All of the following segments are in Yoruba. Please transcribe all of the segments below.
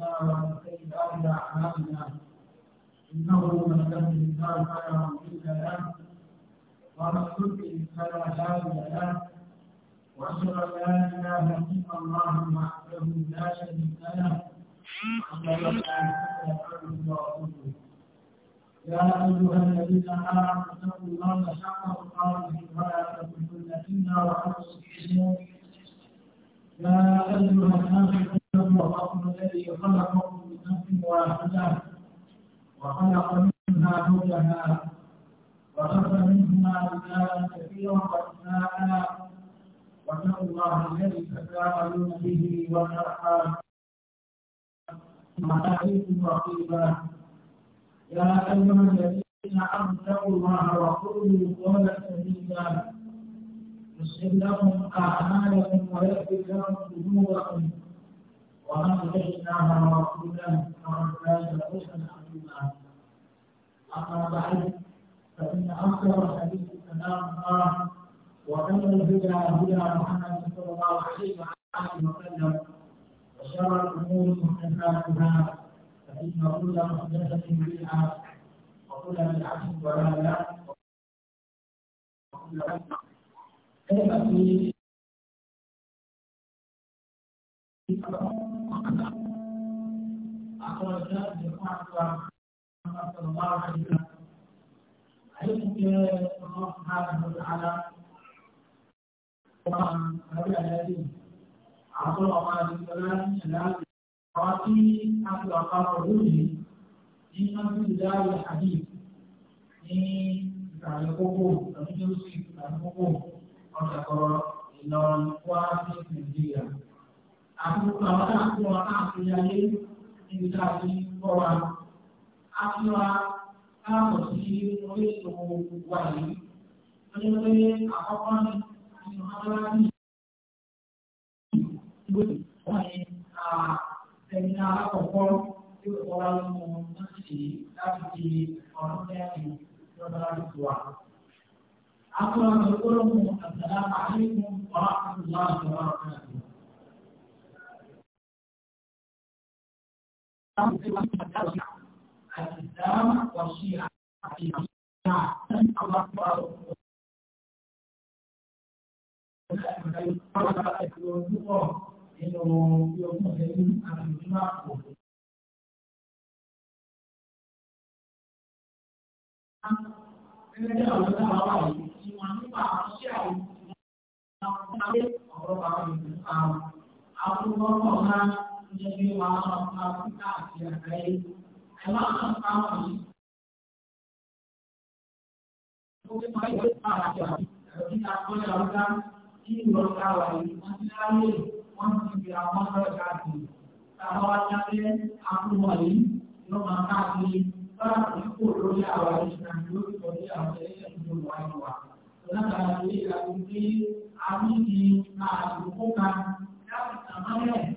منا وسيئات أعمالنا إنه من يهد الله فلا مضل له ومن يضلل فلا هادي له وأشهد أن لا إله إلا الله وحده لا شريك له يا أيها الذين آمنوا اتقوا الله حق تقاته ولا تموتن إلا وأنتم يا أيها الناس أنه الرب الذي خلقكم من نفس واحدة وخلق منها زوجها وخلق منهما رجالا كثيرا ونساء واتقوا الذي تساءلون به والأرحام ما عليكم رقيبا الذين آمنوا الله وقولوا قولا سديدا يصلح لكم أعمالكم ويغفر لكم وأخرجناها رسولا ومن كان رسلا عظيما أما بعد فإن أخر الحديث كلام وأن الهدى هدى محمد صلى الله عليه وآله وسلم وشر الأمور محدثاتها فإن كل محدثة بدعة وكل بدعة ضلالة وكل كلمة في أخرج جماعة محمد صلى الله عليه وسلم عليك الله سبحانه وتعالى وعن أبي الذي عبد الله عليه وسلم شلال قاتي أبي أقار روحي في أنت بداية الحديث ní ìtàlẹ̀ kókó tàbí tó sì ìtàlẹ̀ kókó ọjà kọ̀rọ̀ ìlọrin wá sí nàìjíríà. àkókò àwọn àkókò àwọn àkókò ayé ibi tá a ti kọ́ wa á fi wa káàbọ̀ sí orí ètò wa yìí lọ́jọ́ di ọ̀rọ̀ mẹ́rin lọ́dọ̀ láti wà. Akọ́ra ọ̀dọ́ gbọ́dọ̀ mú àtàlà àlékún ọ̀rọ̀ samu Àwọn ọmọ ọ̀gá menjadi walau kita dihargai emang sama mungkin baik saja kita boleh lakukan di lokal ini masih lagi masih dirawat terkait kalau nanti aku balik lo makan di terus kudu ya awal dan dulu kudu ya awal yang dulu awal karena dari aku di kami di nah bukan yang namanya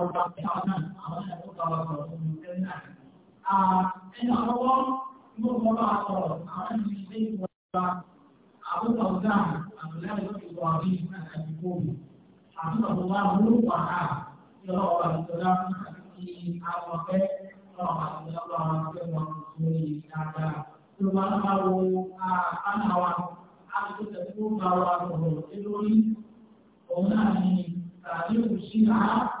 ọ̀pọ̀ àwọn àwọn ẹ̀kọ́ ọ̀rọ̀ ọ̀rọ̀ ìgbẹ́ náà. Ẹni àkọ́kọ́ ló mọ́ bá sọ̀rọ̀ àwọn ẹni ilé ìwọ̀nba àbúkọ̀ ọ̀gá àbúlá ìwọ̀ àbí àtàkùkò àbúkọ̀ ọ̀gá olóòpà á yọ̀rọ̀ ọ̀gá ìjọba àti àwọ̀fẹ́ ọ̀gá ìjọba àwọ̀fẹ́ wọn lórí dáadáa. Ló máa ń bá wo àpánáwa àtúntò tó bá wa sọ̀rọ̀ lórí òun náà ni tàbí òṣìṣẹ́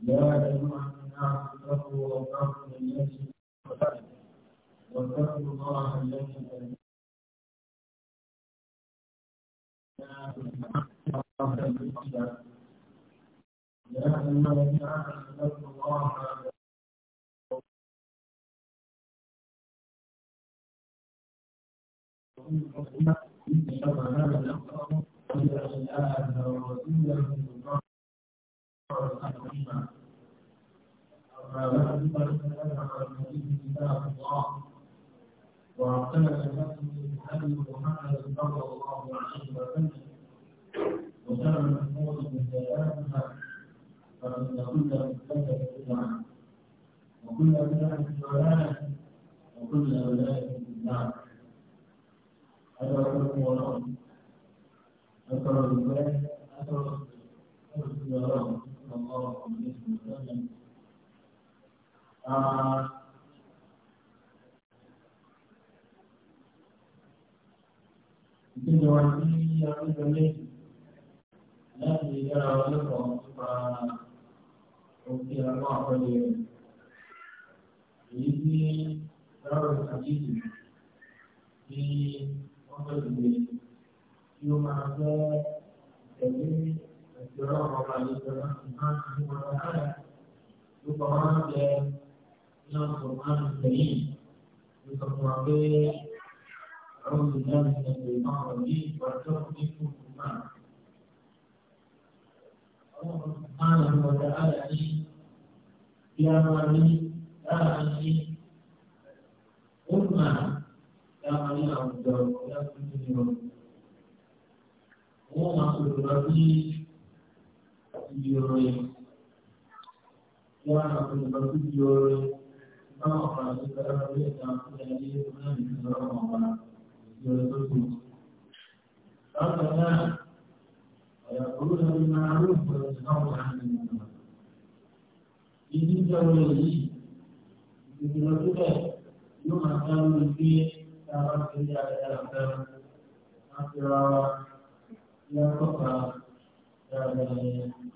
يا أيها الناس اتقوا ربكم الذي واتقوا الله الذي يا أيها الناس اتقوا الله إن شاء الله نلقاكم إلى الآن ورسوله واعتمد نفسه بحديث محمد صلى الله عليه وسلم وشر الامور مهداتها فان كل مهداه بدعه وكل بدعه ضلاله وكل ولايه في النار هذا هو الامر اثر الله صلى الله عليه وسلم ìpinnu wa ní ọdún méjì láti yára wa lọ́pọ̀ nípa òkè àwọn àkọlé rẹ̀ èyí tí ráàrùn àjíjì ترغب لله سبحانه وتعالى بقرآن من القرآن الكريم بتطوعه أعوذ بالله من الشيطان الرجيم وأتوكل بالله الله سبحانه وتعالى يا مالي يا أني أمة يا مالي أبو يا كل يوم وما كل ربي ìròyìn wọn àwọn ìgbà tó di orin náà ọ̀pá àti ìgbàlá orí ẹ̀ka fún ẹni náà ìgbàlá ọ̀pá ìgbàlá tó kù. Bákan náà, ọ̀yà kúrò lórí máa ń rògbò ẹ̀sìn náà wà ní ìgbà. Ìdí ìjọba yìí, ìgbìmọ̀ tó bẹ̀ yóò máa dá lórí pé tá a bá ti rí ayẹyẹ àfẹ́ láti ra wa yàtọ̀ ká dáadáa yẹn.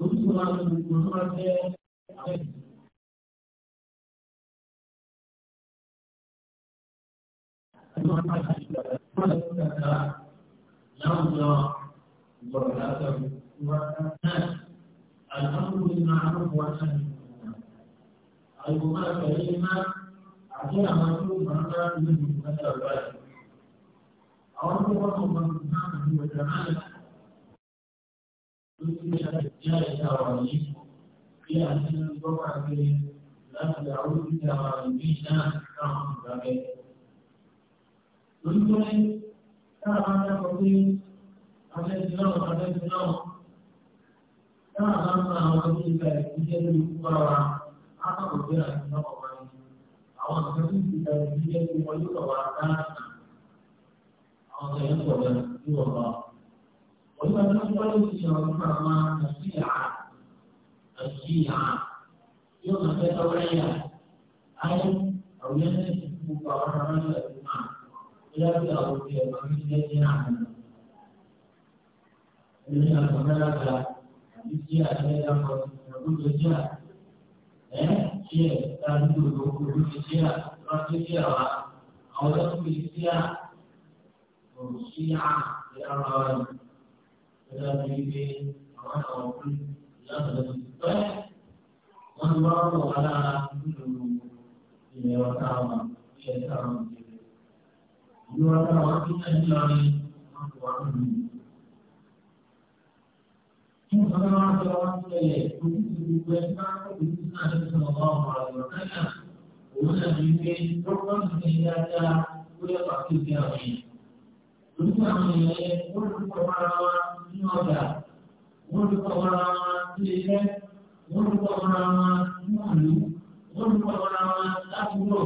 lórúkọ máa ń gbogbo ló máa fẹ́ àwọn ẹ̀sìn. الأمر بالمعروف والنهي عن المنكر المبارك كلمة عشان مطلوب معناه من المتابعة أو هو من سبحانه وتعالى يصبح الجاهل رجيم في أن تقع لم تعود بنا نعم بغير ثم تعالى قضي أجدنا وأجدنا تعالى وقضي فأجدنا الكبرى أعطى ربنا أجدنا وقضي أعطى ربنا فأجدنا ويقضى أعطى أعطى يقضى يقضى وما نقبل تشرفنا مع الشيعة الشيعة يوم التورية أي أو ينسى مقارنة الإمام لا يأخذ من الذين عملوا الذين عملوا الشيعة لا يأخذ من الشيعة eh شيء تابع لوجود الشيعة رأس الشيعة أو رأس الشيعة الشيعة الأربعين ẹ̀dá àwọn àwọn yẹn, ó lè kọ́ ara wa nínú ọjà wọ́n dúpọ̀ wọra wọn sí ilé wọ́n dúpọ̀ wọra wọn nínú àlù wọ́n dúpọ̀ wọra wọn ládùúgbò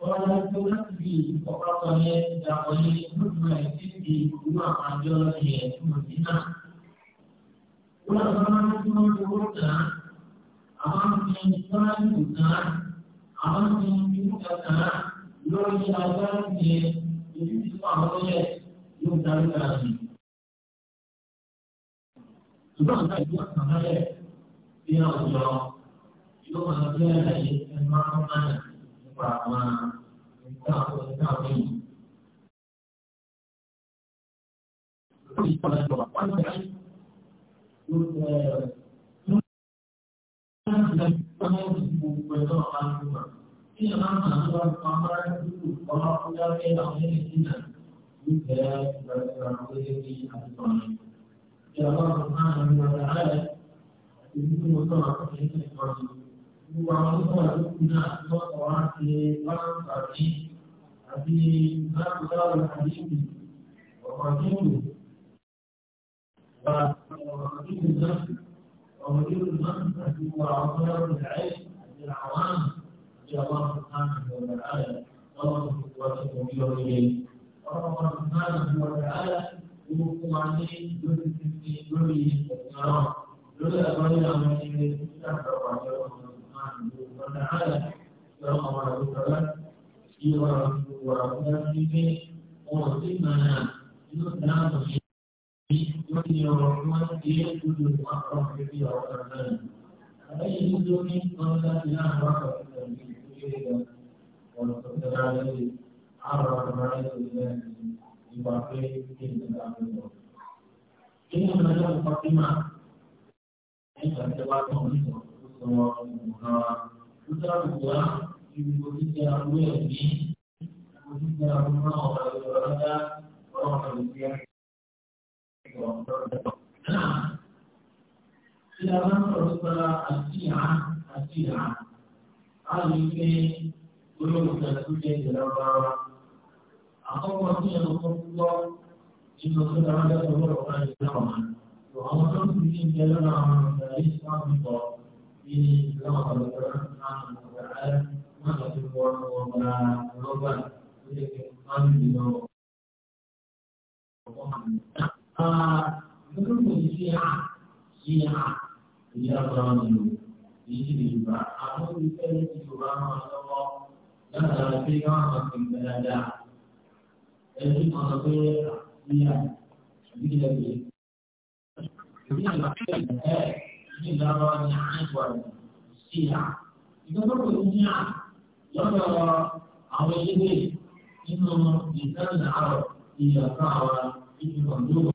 wọ́n lọ sí láti fi ọ̀pọ̀lọpọ̀ yẹn ìdàpọ̀ yẹn lóṣù ẹ̀ sí ti ìlú àwọn àjọ yẹn tí mo ti náà. wọ́n lọ sọ wọn tí wọ́n dúró tán àwọn ti ń sọ́nà ìlú tán àwọn ti ń fi ìlú tán lórí agbára yẹn ìlú ìfọ̀ àwọn yẹn yóò darí dára yìí ṣùgbọ́n àgbà ìlú àkàmọ́lẹ̀ bí àwùjọ yóò máa gbé àlàyé ẹnu àkàmọ́lẹ̀ nípa àwọn ẹ̀ka àwọn ẹ̀ka àwọn èyí. Lórí ìpàdé ìjọba wọ́n ti rí lórí ẹ̀rọ Thank you. إلى الله سبحانه وتعالى يمكن وصول صحيح الإخراجي وعملوا بنا وقعوا في قرن صحيح في باب دار الحديث وقديمه وقديم النفس ومدير النفس وعطاء العلم للعوام إلى الله سبحانه وتعالى الله سبحانه وتعالى الله سبحانه وتعالى ó fún wa ní lórí títí lórí ẹ̀sìn ọ̀rọ̀ lórí àgbáyé àwọn ilé nígbà tó wà ní ọ̀rọ̀ náà ló wọ́n dá àlẹ́ lọ àwọn àwòrán tí wọ́n wà wọ́n ti gbé wọn ò sí màá yóò dáhùn sí i wọ́n ti ọ̀rọ̀ wọn ti yé lójú wọn kọ́ fífi ọ̀rọ̀ náà. Àbẹ́yẹ lójú ní ọ̀rọ̀ láti láàrín wákàtí ìgbàlódé ìgbéyàwó ọ̀rọ̀ tó tẹ̀lé àrùn àrùn àrùn àrùn dipakai tim tentang itu. Ini menunjukkan Fatimah. Ini dari Semua Putra kedua, ini. mau dari orang Asia, Asia. Ali ini belum sudah dalam àkọ́kọ́ tí ẹnu kọ́ gbọ́ nínú tó dára lẹ́kọ̀ọ́ lọ́rọ̀ náà ní ìlànà tó àwọn tó ń fi ní ìjẹ lọ́nà àwọn ọ̀rẹ́ islam bọ̀ ní ìlànà ọ̀rẹ́ náà ọ̀rẹ́ náà lọ sí wọ́n wọn gba ọlọ́gbà tó yẹ kí wọ́n ń bì lọ. Nínú kò sí à sí à èyí àgbà wọn lò èyí sì lè Yorùbá àwọn olùfẹ́ Yorùbá máa lọ́wọ́ látara pé wọ́n máa fi gbẹ dáadáa. ẹni tí wọ́n sọ pé àbíyá ìdílé yìí. Òbí àgbà pẹ̀lú ẹ̀ ní ìdáwọ́ ní àìkú ọ̀rọ̀ sí ìyá. Ìgbàgbọ́ kò ní à lọ́dọ̀ àwọn ilé nínú ìdáná àrọ̀ ìyàtọ̀ àwọn ìdílé ọ̀dọ́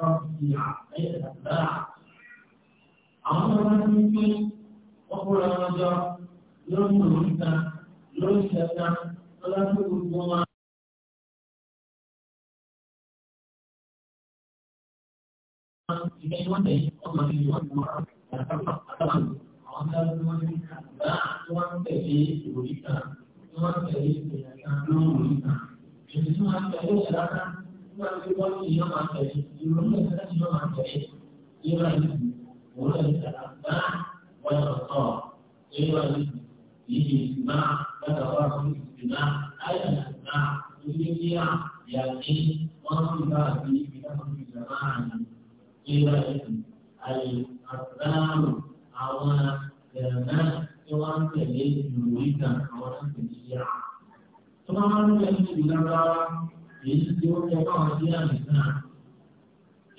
ربي عبيد الباع عمر مني وقل رجاء لن نريد لن شتى ولا تقول Ikan wanda ya kuma yi wa kuma da kafa a kan wanda wani da wanda ya yi wuri ta wanda ya yi da ya kan wuri ta. Yanzu haka yau da nígbà tó èyí tí ó jẹ fáwọn sí àmìkan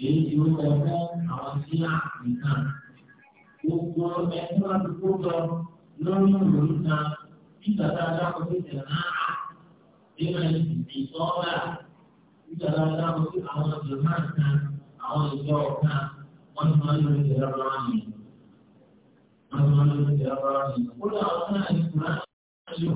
èyí tí ó jẹ fún àwọn sí àmìkan gbogbo ẹni wá lọ lórí ìròyìn kan nígbà tá a dáko sí ìtẹ̀ náà nínú ẹni tìbí sọ́ọ́lá nígbà tá a dáko sí àwọn ìjọba kan àwọn ìjọ kan wọ́n ti máa ń lo ìjọba rárá ni wọ́n ti máa ń lo kó lọ àwọn náà ní kúránì yóò.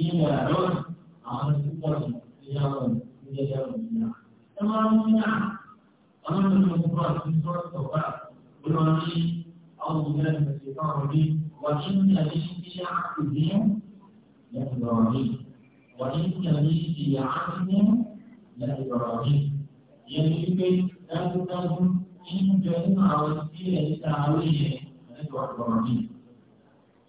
فيما عد عن ستة رياضا رياضا منها تمام منها أمام المفرد في سورة التوبة بالوالي أعوذ بالله من الشيطان الرجيم وإن لي في عهدهم لإبراهيم وإن لي في عهدهم لإبراهيم يجب أن تكون إن كان عوزتي لتعويه لإبراهيم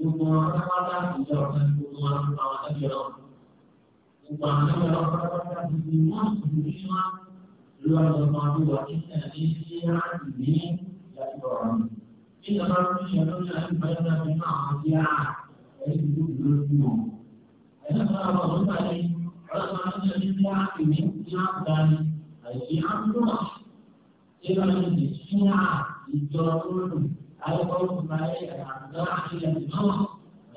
gbogbo wọn pátápátá ìjọ ọ̀sán gbogbo wọn ló àwọn ẹgbẹ́ ọ̀rọ̀. Gbogbo àwọn ẹgbẹ́ ọ̀rọ̀ pátápátá gbogbo wọn kò ní wá ló wá lọ máa bí wà kí sẹ́yìn ní sí láti ní ìdájọ́ ọ̀rọ̀ mi. Bí ìjọba ló ń ṣe lórí àyíkáyọ̀ náà nínú àwọn tí a ẹni tó dùn lójú wọn. Ẹ̀yọ́ sábà wà ló bá yẹ ọlọ́sọ̀ ọlọ́sọ̀ ní sí láti ní sí láti dání àìsí àdúrà. Ṣé bá yẹ هذا قول مالك الأعداء إلى الموت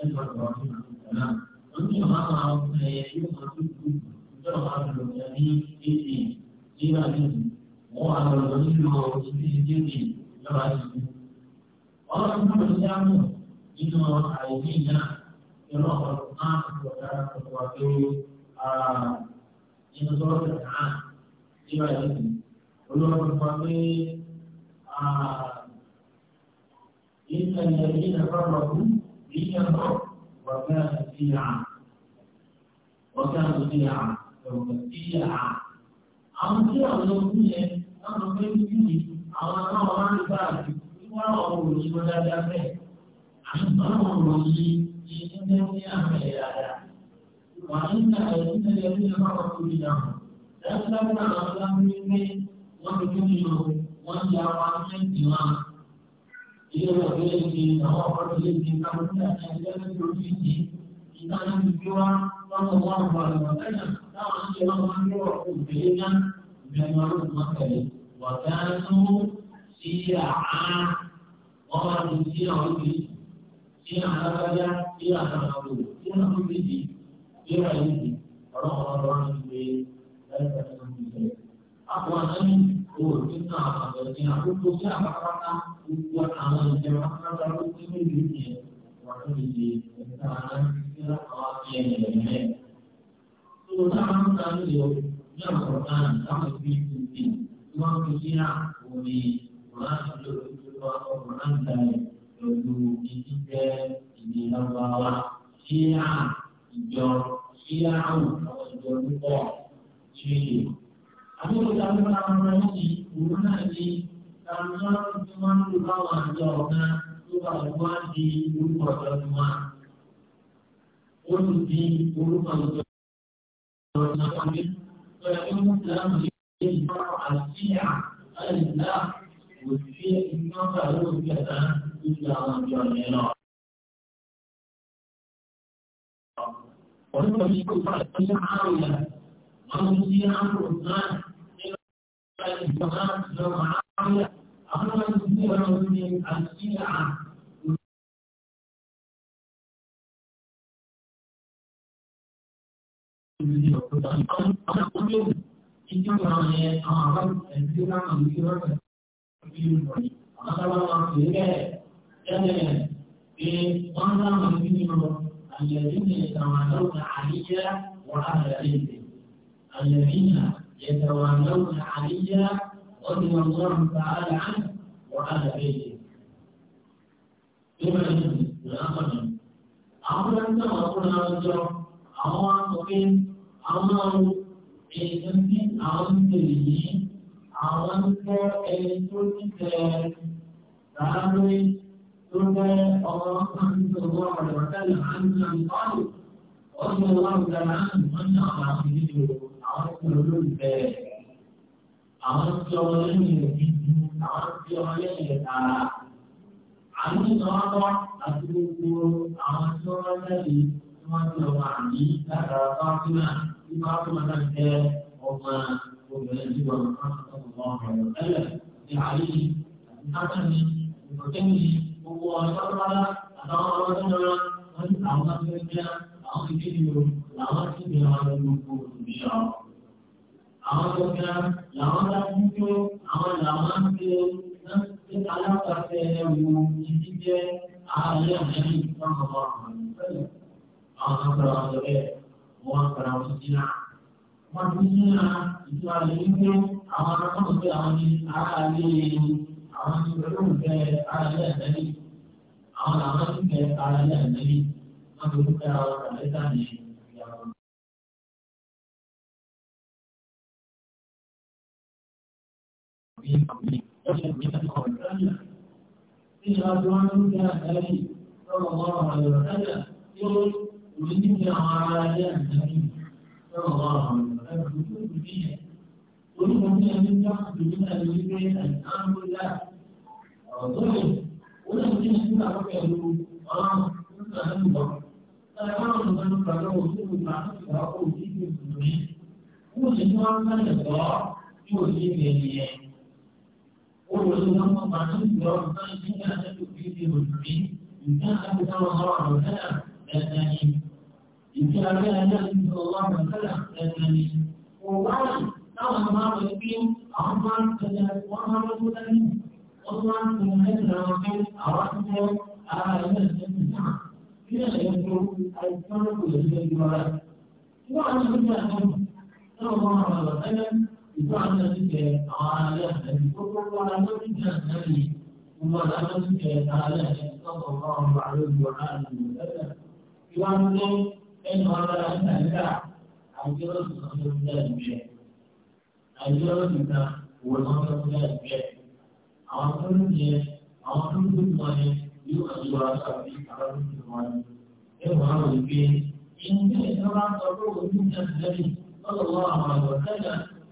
نجمع إبراهيم عليه السلام ومن هذا ما يجب أن تكون جرعة الوثني إذن إلى إذن وعلى الغني ورسوله جدي جرعة إذن قال ابن إيه إيه إيه آه، الإسلام إن علينا قراءة القرآن وقراءة التواتر إن سورة الأنعام إلى إذن في الفقيه إن الذين فرقوا دينهم وكانوا بدعا وكانوا بدعا بدعا àwọn tí àwọn ọmọkùnrin yẹn láwọn ọmọ ẹni tí ni àwọn akáwọn máa ń gbà àti wíwá ọmọ òṣìṣẹ́ dáadáa bẹ́ẹ̀ àìsàn àwọn ọmọ yìí ti ń bẹ́ẹ̀ ní àmì dáadáa wà nínú àwọn ìdílé ẹbí ní ọmọ ọkùnrin náà dáadáa náà àwọn ọmọ ẹni pé wọ́n ti tún nínú wọn ti àwọn akẹ́kọ̀ọ́ ìyẹn náà ló lè di àwọn ọ̀rọ̀ tó lè káwọn tó yàtọ̀ ẹgbẹ́ tó lè di di ìdáná gbígbé wá lọ́wọ́ wá wà lọ́wọ́ kẹ́nà táwọn ń ṣe lọ́wọ́ ní ọ̀rọ̀ òbílẹ̀ náà bẹ̀rẹ̀ wọn ló máa tẹ̀lé wà dáná sí àá wọ́n máa ti sí àwọn òbí sí àlágbájá sí àtàkùn sí àwọn òbí sí àwọn òbí ọ̀rọ̀ ọ̀rọ̀ ọ̀rọ̀ ìgbé lẹ́yìn 祝今早和今早，祝下晚晚晚，祝家长和家长，祝今天雨天，晚自习，我们再来，再来好好练练练。祝下晚晚晚有，让老师，让老师批批批，批批呀，鼓励，鼓励，就比如说，我们安排，有读拼音，以及什么啊，一啊，一教，一啊，我们做动作，注意。àbúrò táwọn máa ń rán sí òun náà ní táwọn tí wọ́n ń lò báwọn àjọ ọ̀gá tó bá òun di orúkọ ọ̀dọ́ ni wọ́n. ó sì di orúkọ ọ̀dọ́ ọ̀dọ́ kan ní ọ̀yà tó mú sílámù ní ìgbà àṣìyà àìlá kò sí iná pàlọ́ òkèta níbi àwọn àjọ yẹn náà. ọ̀dọ́ mi kò fà sí àrùn yẹn wọ́n mú sí àrùn náà. الذين يتولون عليها وعلى بيته الذين يتوالون علي رضي الله تعالى عنه وعلى بيته ثم يقول أمرنا وقلنا رجل أما أقيم أما أيضاً أمام عمر أمام كأيضاً كأيضاً كأيضاً ثم عمر صل وسلم على من رضي الله تعالى عنه من أعلم منه àwọn tí olólùfẹ́ rẹ̀ àwọn tí ọmọ lẹ́yìn rẹ̀ dídú àwọn tí ọmọ lẹ́yìn rẹ̀ tààrà àmì ìnáwó àti gbogbo àwọn tí wọ́n jáde tí wọ́n ti ọmọ àmì látara fáfínà tí fáfínà náà jẹ́ ọmọ obìnrin tí wọ́n máa ń tọ́kọ̀ ọmọ ẹ̀rọ ní àyè ìnáwó ìfọ̀kẹ́ni gbogbo ọjọ́ rárá àtàwọn ọmọ tó rárá wọ́n ti àwọn akẹ́kẹ́ àwọn ìdílé làwọn ti bẹ̀rẹ̀ àwọn gbogbo òṣèlú àwọn gangan làwọn bá ń jó àwọn làwọn ń jó láti alápàtẹ ẹwù ìdí jẹ ààrẹ àjẹmí wọn kọ bọ àwọn ìfẹlẹ àwọn kan fara wọn lọ bẹ́ẹ̀ wọn fara wọn sí náà wọn ti ní ìtura lè ń jó àwọn akọ́kọ́ pé àwọn ní aráàlú àwọn ní olóògbé aráàlú àjẹmí àwọn làwọn ń bẹ aráàlú àjẹmí wọn lórúkọ àwọn àlẹ́ sáà nìyẹn. في قوله وجد من القول إن أدوان كان صلى الله عليه وسلم يقول ولدنا على النبي صلى الله عليه وسلم يقول فيه ولكم فيها من يقصد من الوجود الأمر لا ظلم ولم يكن فيها ربعه ورام كنا ننظر فالأمر من فعله وجود معرفة وقوة في المسلمين هو الإمام من الضراء يوجد اليمين ويسمى معلوم بربان إلا أن تكفيه والحبيب إن كان أبو ذر زرع وكلا لا ثاني إن كان كان النبي صلى الله عليه وسلم لا ثاني وقال أنا ما بكين أحمد كذا وأنا رسول الله أصلا من هذا الرجل أرسل على الناس كلا يذكر الفرق الذي يرى وعلى كل أحد صلى الله عليه وسلم ìgbọ́n àwọn ẹ̀sìnkẹ̀ àwọn alẹ́ ẹ̀sìn tó kọ́ wọn lọ́wọ́ ní ìjọba yìí wọn lọ́wọ́ ẹ̀sìnkẹ̀ alẹ́ ẹ̀sìn tó kọ́ wọn lọ́wọ́ àlejò àlejò ẹ̀sìn ìwà ń lọ ẹnu ọlọ́dà nígbà àjọ ìsọ̀tún tó ń jẹ́ ìjẹ́ àjọ ìta wọ́n lọ́wọ́ tó ń jẹ́ ìjẹ́ àwọn tó ń jẹ àwọn tó ń dùn wọn ni yóò àjọ àṣàbí àwọn tó ń dùn wọn ni ẹ̀wọ̀n àwọn ìgbé ìgbé ìjọba sọ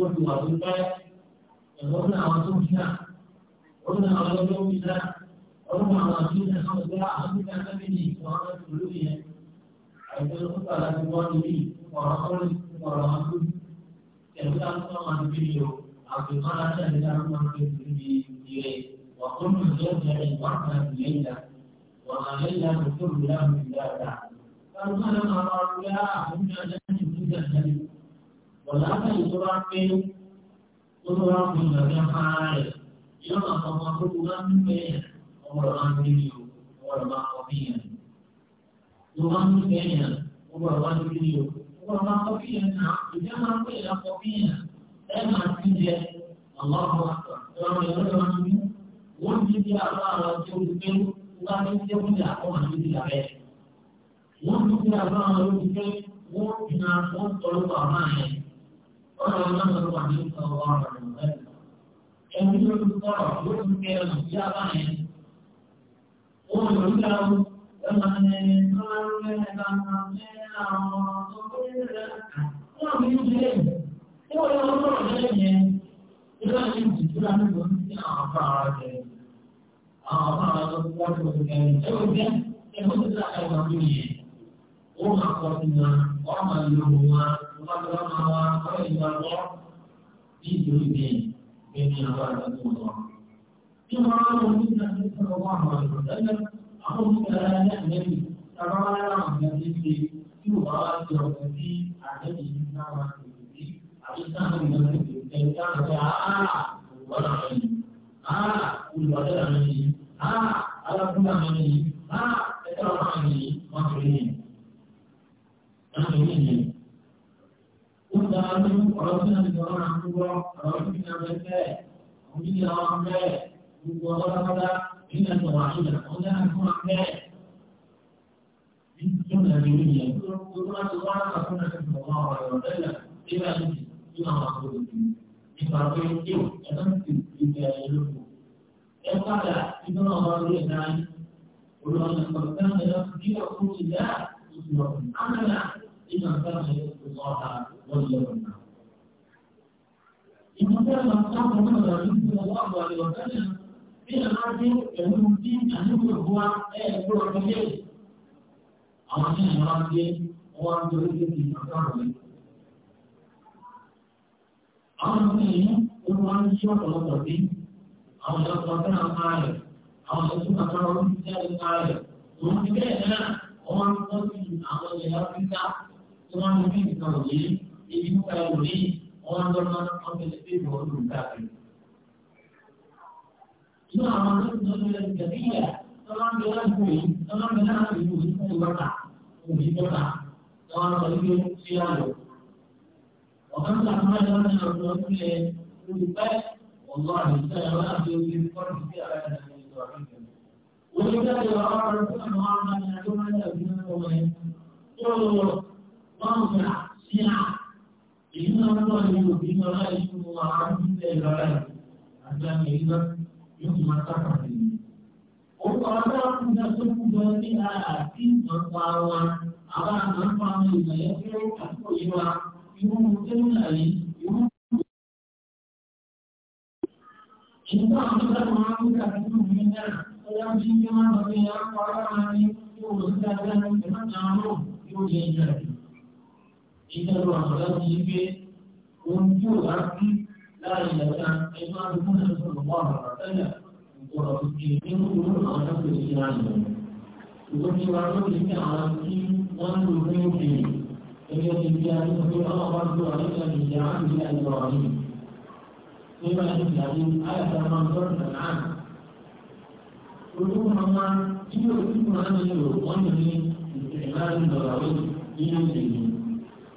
olùwà tó fẹ́ ẹ̀rọ ní àwọn tó ń fi náà ọdún àwọn ọlọ́dún ń fi náà ọdún àwọn àtúnṣe náà ń gbé àtúnṣe àtẹ́bí ní ìwọ̀n ìlú yẹn àìsàn tó kà láti wọ́n ní bí ọ̀rọ̀ ọ̀rọ̀ ọ̀rọ̀ ọdún ẹ̀rọ tó ń tọ́ wọn bí yòó àfihàn láti àdéhà ń wọn fi ìlú bí ìrẹ̀ وكل جنة وعنا بليلة وعلينا بكل لا من لا لا فالظلم قالوا لا هم جنة جنة ọ̀làbà ìjọba pé ó tó wá fún ìgbàgbé afárá rẹ̀ yóò máa fọ ọmọ tó wá nínú ẹ̀yà ọmọ rẹ̀ máa ń rí ni o ọmọ rẹ̀ máa kọ bí yẹn tó wá nínú ẹ̀yà ọmọ rẹ̀ máa ń rí ni o ọmọ rẹ̀ máa kọ bí yẹn náà ìjọba máa ń pè é akọ yẹn ẹ máa ti jẹ ọmọ ọmọ ìlọ́dọ̀ máa ń rí wọ́n ti di àwọn àwọn tí ó ti pé wọ́n ti jẹ́ fún ìyá àwọn قال الله عليه وسلم ẹ̀wùn tó kọ́rọ̀ ló ń kẹ́ ọ̀nà sí abáyẹn. Wọ́n lò ń dáwó ẹ̀mà ẹ̀ẹ́dẹ́gbẹ̀rún ẹ̀ẹ́dẹ́gbẹ̀rún ẹ̀ẹ́dẹ́gbẹ̀rún ẹ̀ẹ́dẹ́gbẹ̀rún ẹ̀ẹ́dẹ́gbẹ̀rún ẹ̀ẹ́dẹ́gbẹ̀rún ọlọ́dọ̀ọ́mọ wa ọ̀rọ̀ ìgbàgbọ́ nítorí bẹ́ẹ̀ bẹ́ẹ̀ ni àwọn àgbàdo wọn. Bí wọ́n á lọ sí ìdájọ́ sọ̀rọ̀ wọn àwọn ìrọ̀lẹ́lẹ̀ àwọn olùkọ́lá lẹ́ẹ̀mẹ́rin tàbá wá láwọn ìgbàgbé ṣe tí ò bá wá sí ọ̀sẹ̀ sí àdébì yìí náà sí àbí sáà ìgbàgbé ṣe táwọn ọ̀gá àà olùwọ́lá rẹ̀ yìí àà olùwọ́lá rẹ̀ yìí àà alákùnrin rẹ̀ yìí àà ẹ̀ka wọ́n da ní ọ̀rọ̀ tí wọ́n ti sọ̀rọ̀ náà ń gbọ́ ọ̀rọ̀ tí wọ́n ti fẹ́ òun yìí làwọn ń bẹ́ gbogbo ọlọ́dọ́dá nínú ẹ̀sọ̀ wà ní ìlà ọ̀gá àtúnwà bẹ́ nínú ẹ̀rí yẹn gbogbo wọn ti wá àtúnwà náà ti sọ̀rọ̀ ọ̀rọ̀ ọ̀rẹ́lẹ̀ nígbà tí nínú àwọn àkókò nípa pé kí ẹ̀rọ ti ti bẹ̀ ẹ̀ lóko ẹ padà nínú ọmọ orí ẹ̀dá yìí olùwàlẹ̀ kọ̀ọ̀kan ẹ̀rọ لمن كان يذكر الله واليوم الآخر لمن كان يصحب من رسول الله عليه وسلم من الرجل يمكن أن يكون هو يقول الرجل أو أن الرجل هو الرجل في مكانه àwọn ọmọ èèyàn ó máa ń ṣe ọ̀pọ̀lọpọ̀ bí àwọn ọ̀pọ̀lọpọ̀ fẹ́ àwọn ará rẹ̀ àwọn ọ̀pọ̀lọpọ̀ fẹ́ àwọn ọ̀pọ̀lọpọ̀ fẹ́ àwọn ará rẹ̀ òun ti bẹ́ẹ̀ náà wọ́n máa ń tọ́jú àwọn ilẹ̀ áfíríkà tí wọ́n ń rí nǹkan yìí ibi nípa ẹrù yìí wọ́n lọ́nà ọ̀gbìn pé wọ́n lù káàkiri. Inú àwọn ọ̀dọ́ tó lọ sí ìgbàdíyà tọ́láńdé lágbo yìí tọ́láńdé láàbò yìí òní fún ìwọ́ta òní bọ́ta tọ́wọ́ lọ sí ilé sí àlọ́. Ọ̀gá ńlá fún ẹ̀rọ ní ọ̀dọ́ ìpínlẹ̀ olùpẹ́ ọ̀gbọ́n àdìsẹ́ ẹ̀rọ láti orí kọ́ọ̀tù sí ara ẹ̀rọ ìjọba Olùdarí ọ̀rọ̀ tó ń wá ọmọ ìrìnàjò máa ń dàbí ọmọ ẹ̀ tó wọ́n sí à èyí náà lọ́wọ́ ní òbí lọ́la ìlú àwọn ìlú lọ́la àti àmì èyí náà yóò máa sábà sí i. Orúkọ ọjọ́ àkùnjẹ tó kú lọ sí àti ìmọ̀pá wa àwọn àmọ́pá àwọn ìmọ̀lẹ́ pé àkókò yìí wa irú tẹ́lẹ̀ yìí irú. Ìgbà àwọn ọ̀dọ́ máa ń gbà nínú mi náà ọ̀yá bí ń gbé máa lọ sí ẹ̀rọ ọ̀rọ̀ máa ní ìjọba àwọn àgbàlá ti yí pé ohun tí ò bá sí láàrin ìjọba ẹgbẹ́ àdúgbò náà sọ̀rọ̀ wà lọ́rọ̀ tẹ́lẹ̀ ìgbọ̀rọ̀ kìkì nínú ìlú àwọn ọ̀dọ́ tó ti rà nù. Ìgbọ́n ti wá lórí ní àwọn tí wọ́n lò ní òkè ẹgbẹ́ ti di àdúgbò pé wọ́n wá lọ àdúgbò ìjà àdúgbò ìjọ ọ̀rìn. Nígbà tí ìyàwó àyàtọ̀ máa ń tọ́jú náà. Olúwo máa ń tí yóò tún máa ń lò wọ́n ní ìtẹ̀lẹ́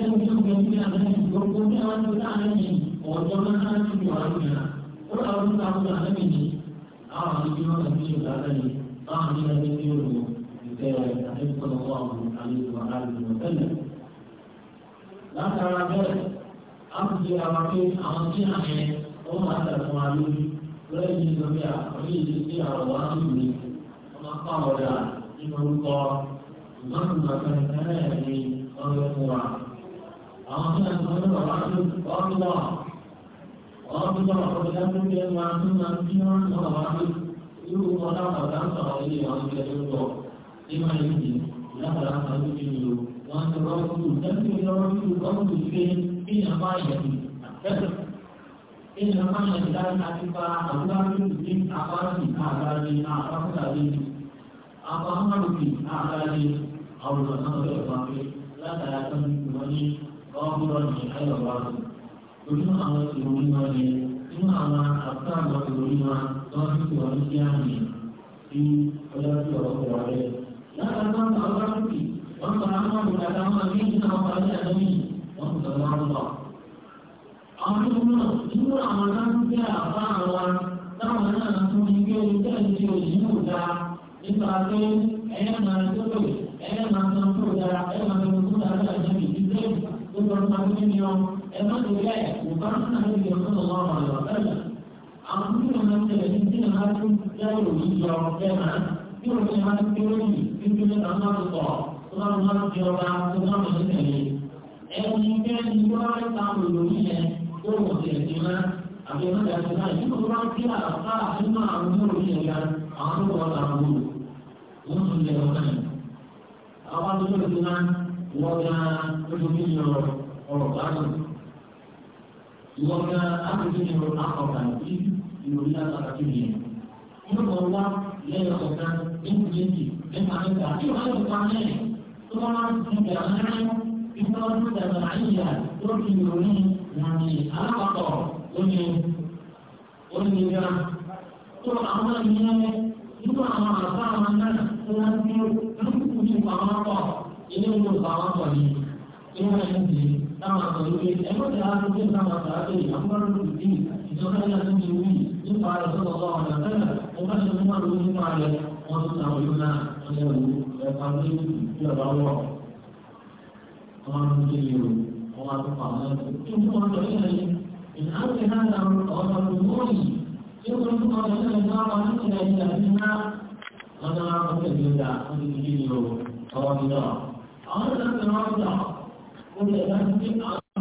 yang mungkin mungkin ada yang berkumpul orang kita ada ini orang orang ada yang orang kita orang orang tahu ada ini ah ini orang yang kita ada ini ah ini ada yang itu kita ada sallallahu alaihi wa alihi wa sallam laka ada abdi awake awake ane orang ada kemalu boleh jadi kerja boleh jadi orang ini orang kau ada ini berkumpul Jangan mengatakan ini orang tua àwọn tí a ti sọ lọ́wọ́ ọdún lọ ọdún lọ ọdún lọ ọdún lọ ọdún lọ ọdún lọ ọdún lọ ọdún irú ọ̀dà ọ̀dà ń sọ̀rọ̀ ilé ọdún lọ ọdún lọ nígbà yìí lábàrá kan ló ti lò wọn ti rọ ojú lẹ́sí lọ́wọ́ nínú gọ́ọ̀mù ìgbé èèyàn máa yẹ̀ ní àtẹ́sẹ̀ èèyàn máa yẹ̀ láti àti pa àbúrò ní àbáàdì àgbáyé àbáfúlàdé àbáhàmàlùkì àgbáyé àwòrán náà lọ́wọ́ pàpẹ́ látara tó ń wọlé ọ́gbọ́n ní ayọ̀wádùn nínú àwọn ìròyìn wọn ni nínú àwọn àtàwọn ìròyìn wọn wọn ti wà ní sí àmì tí ọlọ́sí ọ̀rọ̀ wà rẹ̀. látàkọ́ àwọn ọlọ́sí wọn bá àwọn àbùdàdà wọn ní ìlú àwọn ọ̀rẹ́ àdómi wọn kò sọ̀rọ̀ wọn lọ. àwọn tó ń lọ nínú àwọn aláǹfẹ́ àbá àwọn táwọn náà tún ní bí orí tẹ́lẹ̀ tí òjì ń wùdá nípa pé ẹ̀yẹ́ máa tó ẹ̀yẹ́ máa tó tó dára ẹ̀yẹ́ máa tó tó dára gbogbo ọmọ mi ni ọ ẹ má lè rí àyà kò bá ń náà lè ọkọ lọ́wọ́ ọmọ àlọ́ tẹ́lẹ̀. àwọn tí wọn máa ń tẹ̀lé ní tí wọn máa ń dáwọ́ yìí yọ ọ̀fẹ́ máa tí wọn ti máa ń gbé lórí níbi ní àwọn àtúntò tó bá wọn máa ń fi ọba tó bá wọn ní tẹ̀lé. ẹni bẹ́ẹ̀ ni wọ́n máa ń ta olórí yẹn tó wọ̀ tẹ̀lé ti má àbí wọn dà sí báyìí nígbà tó ń kí àlàfà nínú àwọn olórí yẹn ga àwọn tó wọ́n ta olórí. wọ́n tún lè ọ̀kan àwọn olórí wọ́n ká lójoojú ní ọ̀rọ̀ ọ̀rọ̀ gbádùn ìwọ́n ká ápùtù ní ọ̀rọ̀ akọ̀ọ̀kà sí ìròyìn àtàkàtì yẹn. inú kan wá lẹ́yìn ọ̀kan nínú méjì nípa nípa tí wọ́n yóò pa mẹ́rin tó wọ́n máa ń ti gbà mẹ́rin ìfẹ́ ọdún dàgbà àyíyá lórí ìròyìn ìròyìn alápapọ̀ lórí oníyẹra tó àwọn ìyẹn nínú àwọn àbá àwọn náà tó wọ́n ti lókùnkùn ní ìpamọ́ pọ̀. inú ń lò àwọn ọmọ yìí inú ẹ̀ ń di táwọn àgbà lórí ẹgbẹ́ tí a ń gbé táwọn àgbà lórí àkúrò lórí bí ìjọba ẹ̀yà tó ti wí nípa rẹ̀ sọ̀rọ̀ bá wọn àtẹ́lẹ̀ wọn bá ṣe nípa lórí nípa rẹ̀ wọn tún ta òyìn náà wọn yẹ wò ẹ̀ka ní ìjọba wọ̀ wọn máa ń gbé yòó wọn máa tún pa àwọn ẹ̀kọ́ tó ń bọ̀ lọ́yẹ̀ yìí ìdáhùn ìdáhùn àwọn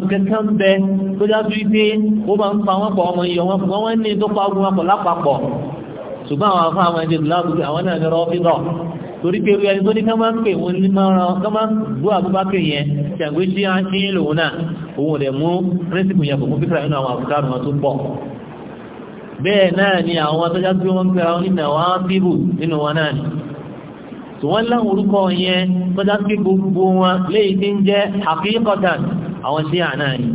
kẹ̀kẹ́ ń bẹ tó dájú wípé ó máa ń pa wọ́n pọ̀ ọmọ iyọ̀ wọn fún wọn ní tó pa ogun wọn lápapọ̀ ṣùgbọ́n àwọn afọ àwọn ẹ̀jẹ̀ lábùgbé àwọn náà ní rọ́bìdọ̀ torí pé orí ẹni tó ní ká máa ń pè wọn ní máa ran ká máa ń gbọ́ àbúbákẹ́ yẹn ṣàgbé tí ni àwọn tó dájú wọn tí wọ́n láwọn orúkọ yẹn tọ́já sí gbogbo wọn léyìí tí ń jẹ́ àkíkọ̀tàn àwọn sí àná ni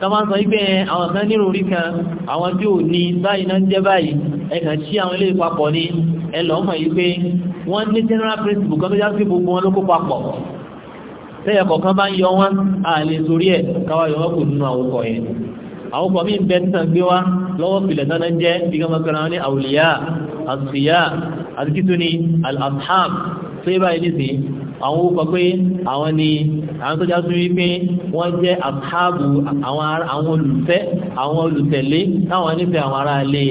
tọ́mọ́ sọ wípé àwọn kan nírò orí kan àwọn tí ò ní báyìí náà ń jẹ́ báyìí ẹ̀kàn tí àwọn ilé papọ̀ ní ẹlọ́mọ̀ yìí pé wọ́n ní general principle kan tọ́já sí gbogbo wọn ló kó papọ̀ tẹ́yẹ̀ kọ̀ọ̀kan bá ń yọ wọn àlè sórí ẹ̀ káwá wọn kò nínú àwòkọ̀ yẹn àwọn kan mi bẹ tán gbé wá lọ́wọ́ pilẹ̀ tán ń jẹ́ bí kama kan ní àwùlíyà àtìyà àtìkítù ni al-ashab tó yẹ báyìí nìsí àwọn orúkọ pé àwọn ni àwọn tó jású wípé wọ́n jẹ́ àtàbù àwọn olùfẹ́ àwọn olùtẹ̀lé táwọn nífẹ̀ẹ́ àwọn ará ilé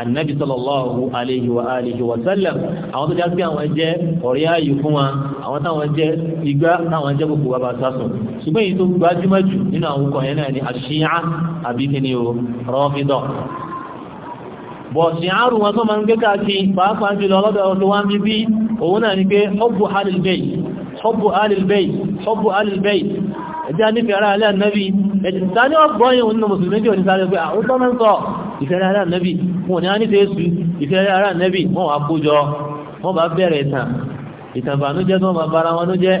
ànábì sallallahu alayhi wa alihi wa sallam àwọn tó jású àwọn jẹ́ ọ̀rẹ́ ààyè fún wa àwọn táwọn jẹ́ igbá táwọn jẹ́ gbogbo wa bá sásùn ṣùgbọ́n èyí tó gbajúmọ̀ nínú àwọn orúkọ yẹn náà ni àṣíyá àbí kíni o rọ́fídọ̀ bọ̀sìn àrùn wọn tó ma ń gbé káàkiri pàápàá jùlọ lọ́dọ̀ olówá ń bí bí òun náà ni pé hubbu ahlil bayt hubbu ahlil bayt hubbu ahlil bayt ẹjá nífẹ̀ẹ́ ara alẹ́ ànábì ẹ̀tìta ní ọgbọ́yìn òun ní mùsùlùmí tí ò ní sáré pé àwọn tó mẹ́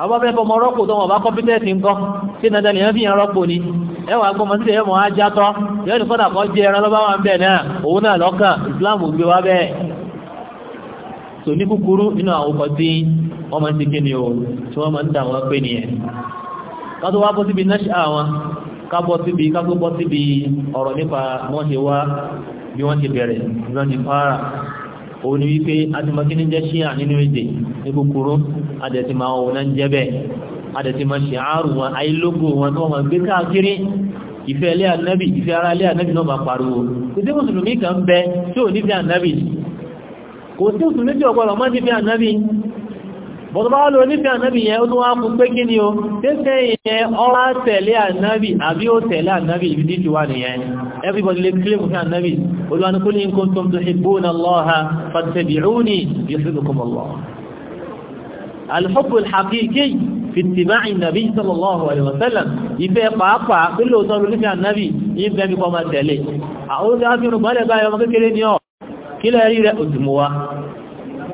àwọn bẹ́ẹ̀ fọmọ rọ́pò tó wọn bá kọ́pítẹ́ẹ̀tì ń kọ́ tí dandan nìyẹn fi hàn rọ́pò ni ẹ wàá gbọ́mọ sílẹ̀ yẹn mọ̀ á já tọ́ yẹn ní fọ́nà kan jẹ ẹran lọ́ba wa ń bẹ̀ náà òun náà lọ́kàn Islam ò gbé wa bẹ́ẹ̀. tò ní kúkúrú nínú àwọn ọkọ̀ tí wọ́n máa o tí wọ́n máa ń dà wọ́n pé nìyẹn. kátó wá bọ́ síbi síbi òun ni wípé adìmọ́kíní jẹ́ ṣíà nínú èdè ní kúkúrú adẹ̀tìmọ̀ àwọn òun náà ń jẹ́ bẹ́ẹ̀ adẹ̀tìmọ̀ ṣe àrùn wọn ayélógún wọn tó wọn gbé káàkiri ìfẹ́ ilé ànábì ìfẹ́ ara ilé ànábì náà bá pariwo kò sí mùsùlùmí kan bẹ tí ò nífẹ̀ẹ́ ànábì kò sí mùsùlùmí tí ọ̀pọ̀lọpọ̀ máa nífẹ̀ẹ́ ànábì bọ̀tọ̀bá lọ nífẹ́ ànábì yẹn ó tún wá fún pé kí ni o tẹ́sẹ̀ ìyẹn ọlá tẹ̀lé ànábì àbí ó tẹ̀lé ànábì ibi títí wà nìyẹn everybody lè kílé fún ànábì olúwanukúlé in kuntum tuhibbuna Allaha fattabi'uni yuhibbukum Allah al-hubbu al-haqiqi fi ittiba'i an-nabi sallallahu alaihi wasallam ìfẹ́ pàápàá pẹ̀lú òtọ́ lónífẹ́ ànábì ìfẹ́ bí kọ́ máa tẹ̀lé àwọn olùdáfíìnù gbọ́lẹ̀ ní ọ̀ kílẹ̀ rẹ̀ òtùmọ́wá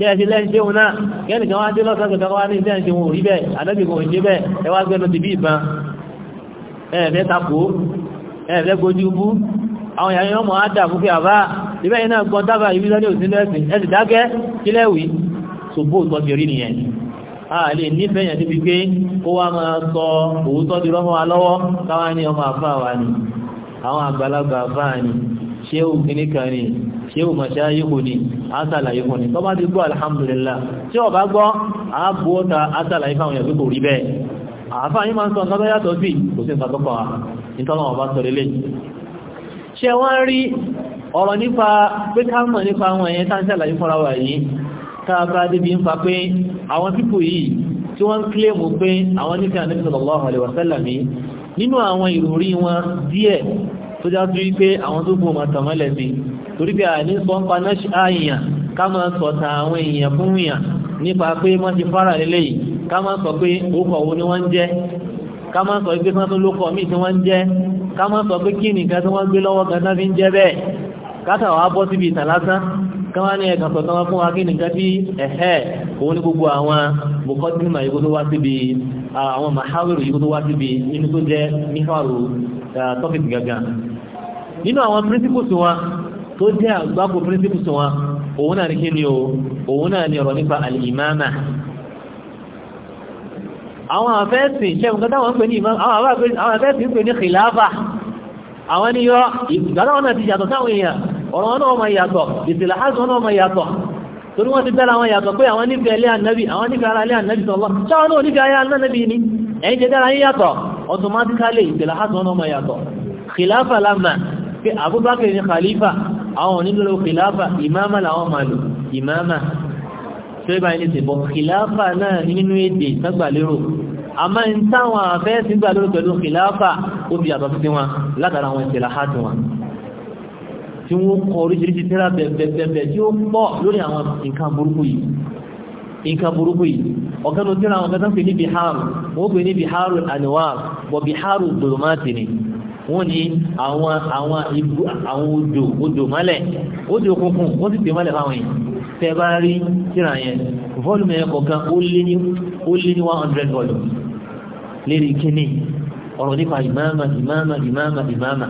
bẹ́ẹ̀sí lẹ́ńṣẹ́un náà kẹ́nìkan wá dé lọ́sọ̀kẹ̀kọ́ wá ní lẹ́ńṣẹ́un rí bẹ́ẹ̀ adẹ́gbẹ̀kọ̀ òjé bẹ́ẹ̀ ẹwà gbẹ́nu ti bí ìbọn ẹ̀ẹ̀fẹ́ takò ẹ̀ẹ̀fẹ́ gojú bú àwọn ìyàrin ọmọ ádà fún fẹ́ àbá ìbẹ́ iná gbọ́n dábà ìbílẹ̀ ní òsìn lẹ́sìn ẹ̀sì dákẹ́ kílẹ̀wì ṣògbó ìtọ́jú rí nìyẹn a lè nífẹ̀ẹ́ yẹn níbi pé kó wá máa sọ òótọ́ di ṣéhù kìníkà ni ṣéhù mọ̀ṣáyíkù ni asàlàyíkù ni tọ́bá ti gbọ́ alhamdulillah tí ó bá gbọ́ àbúọ́ta asàlàyíkù àwọn ìyàgbé kò rí bẹ́ẹ̀ àáfà yí máa ń sọ ọ̀nà yàtọ̀ sí kò sí ìsàtọ́kọ̀ ìtọ́lọ̀wọ̀ bá sọ lélẹ̀ ṣe wọ́n rí ọ̀rọ̀ nípa pé káàmọ̀ nípa àwọn ẹ̀yẹn tá ń sàlàyé fọ́ra wà yìí tààbà débi ń fa pé àwọn pípò yìí nínú àwọn ìròrí wọn díẹ̀ tó já sí wípé àwọn tó gbọ́n màtà mọ́lẹ̀ sí torí pé àní sọ ń paná àyàn ká máa sọ̀tà àwọn èèyàn fún èèyàn nípa pé wọ́n ti fara lélẹ́yìí ká máa sọ pé orúkọ wo ni wọ́n ń jẹ́ ká máa sọ pé sáńtó lókọ̀ míì tí wọ́n ń jẹ́ ká máa sọ pé kí nìkan tí wọ́n gbé lọ́wọ́ kan tán fi ń jẹ́ bẹ́ẹ̀ kátà wàá bọ́ síbi ìtàn lásán ká wá ní ẹ̀kan sọ̀tàn wọn fún wa kí nìkan tí ẹ̀hẹ́ òun ní gbogbo àwọn bùkọ́tìmọ̀ yìí kó tó wá síbi àwọn màháwèrò yìí kó tó wá síbi nínú tó jẹ́ níhàrò topic gangan nínú àwọn principles wọn tó jẹ́ àgbákò principles wọn òun náà ní kí ni o òun náà ní ọ̀rọ̀ nípa alìmáàmà àwọn àfẹ́sìn ṣẹ́gun kátà wọ́n pè ní àwọn àfẹ́sìn pè ní kìláàfà àwọn ni yọ ìgbàlá wọn náà ti yàtọ̀ sáwọn èèyàn ọ̀rọ̀ wọn náà ma yàtọ̀ torí wọ́n ti dára wọn yàtọ̀ pé àwọn nífẹ̀ẹ́ ilé ànábì àwọn nífẹ̀ẹ́ ara ilé ànábì sọ́lọ́ sáwọn náà nífẹ̀ẹ́ ayé ànábì ni ẹ̀yìn jẹ́ dára yín automatically ìtẹ̀lá hàtàn ọmọ yàtọ̀ khilafa lama pé abubakar ní khalifa àwọn onílò khilafa imama làwọn màlù imama tó ibà ní ti bọ̀ khilafa náà nínú èdè tágbàlérò àmá ń táwọn àfẹ́sí gbàlérò pẹ̀lú khilafa ó fi àtọ̀ sí wọn látara àwọn ìtẹ̀lá hàtàn wọn tí wọ́n kọ oríṣiríṣi tẹ́lá bẹ̀bẹ̀bẹ̀ tí ó pọ̀ lórí àwọn nǹkan burúkú yìí nǹkan burúkú yìí ọ̀kan ló tẹ́lá àwọn kan tán pè ní biharu wọ́n pè ní biharu anwar bọ̀bíhárù dòlómáàtì ni wọ́n ní àwọn àwọn ibú àwọn odò odò mọ́lẹ̀ odò kúnkún wọ́n sì pè mọ́lẹ̀ fáwọn yìí tẹ́ bá rí síra yẹn volume yẹn kọ̀ọ̀kan ó lé ní ó lé ní one hundred volume lérí kínní ọ̀rọ̀ nípa ìmáàmà ìmáàmà ìmáàmà ìmáàmà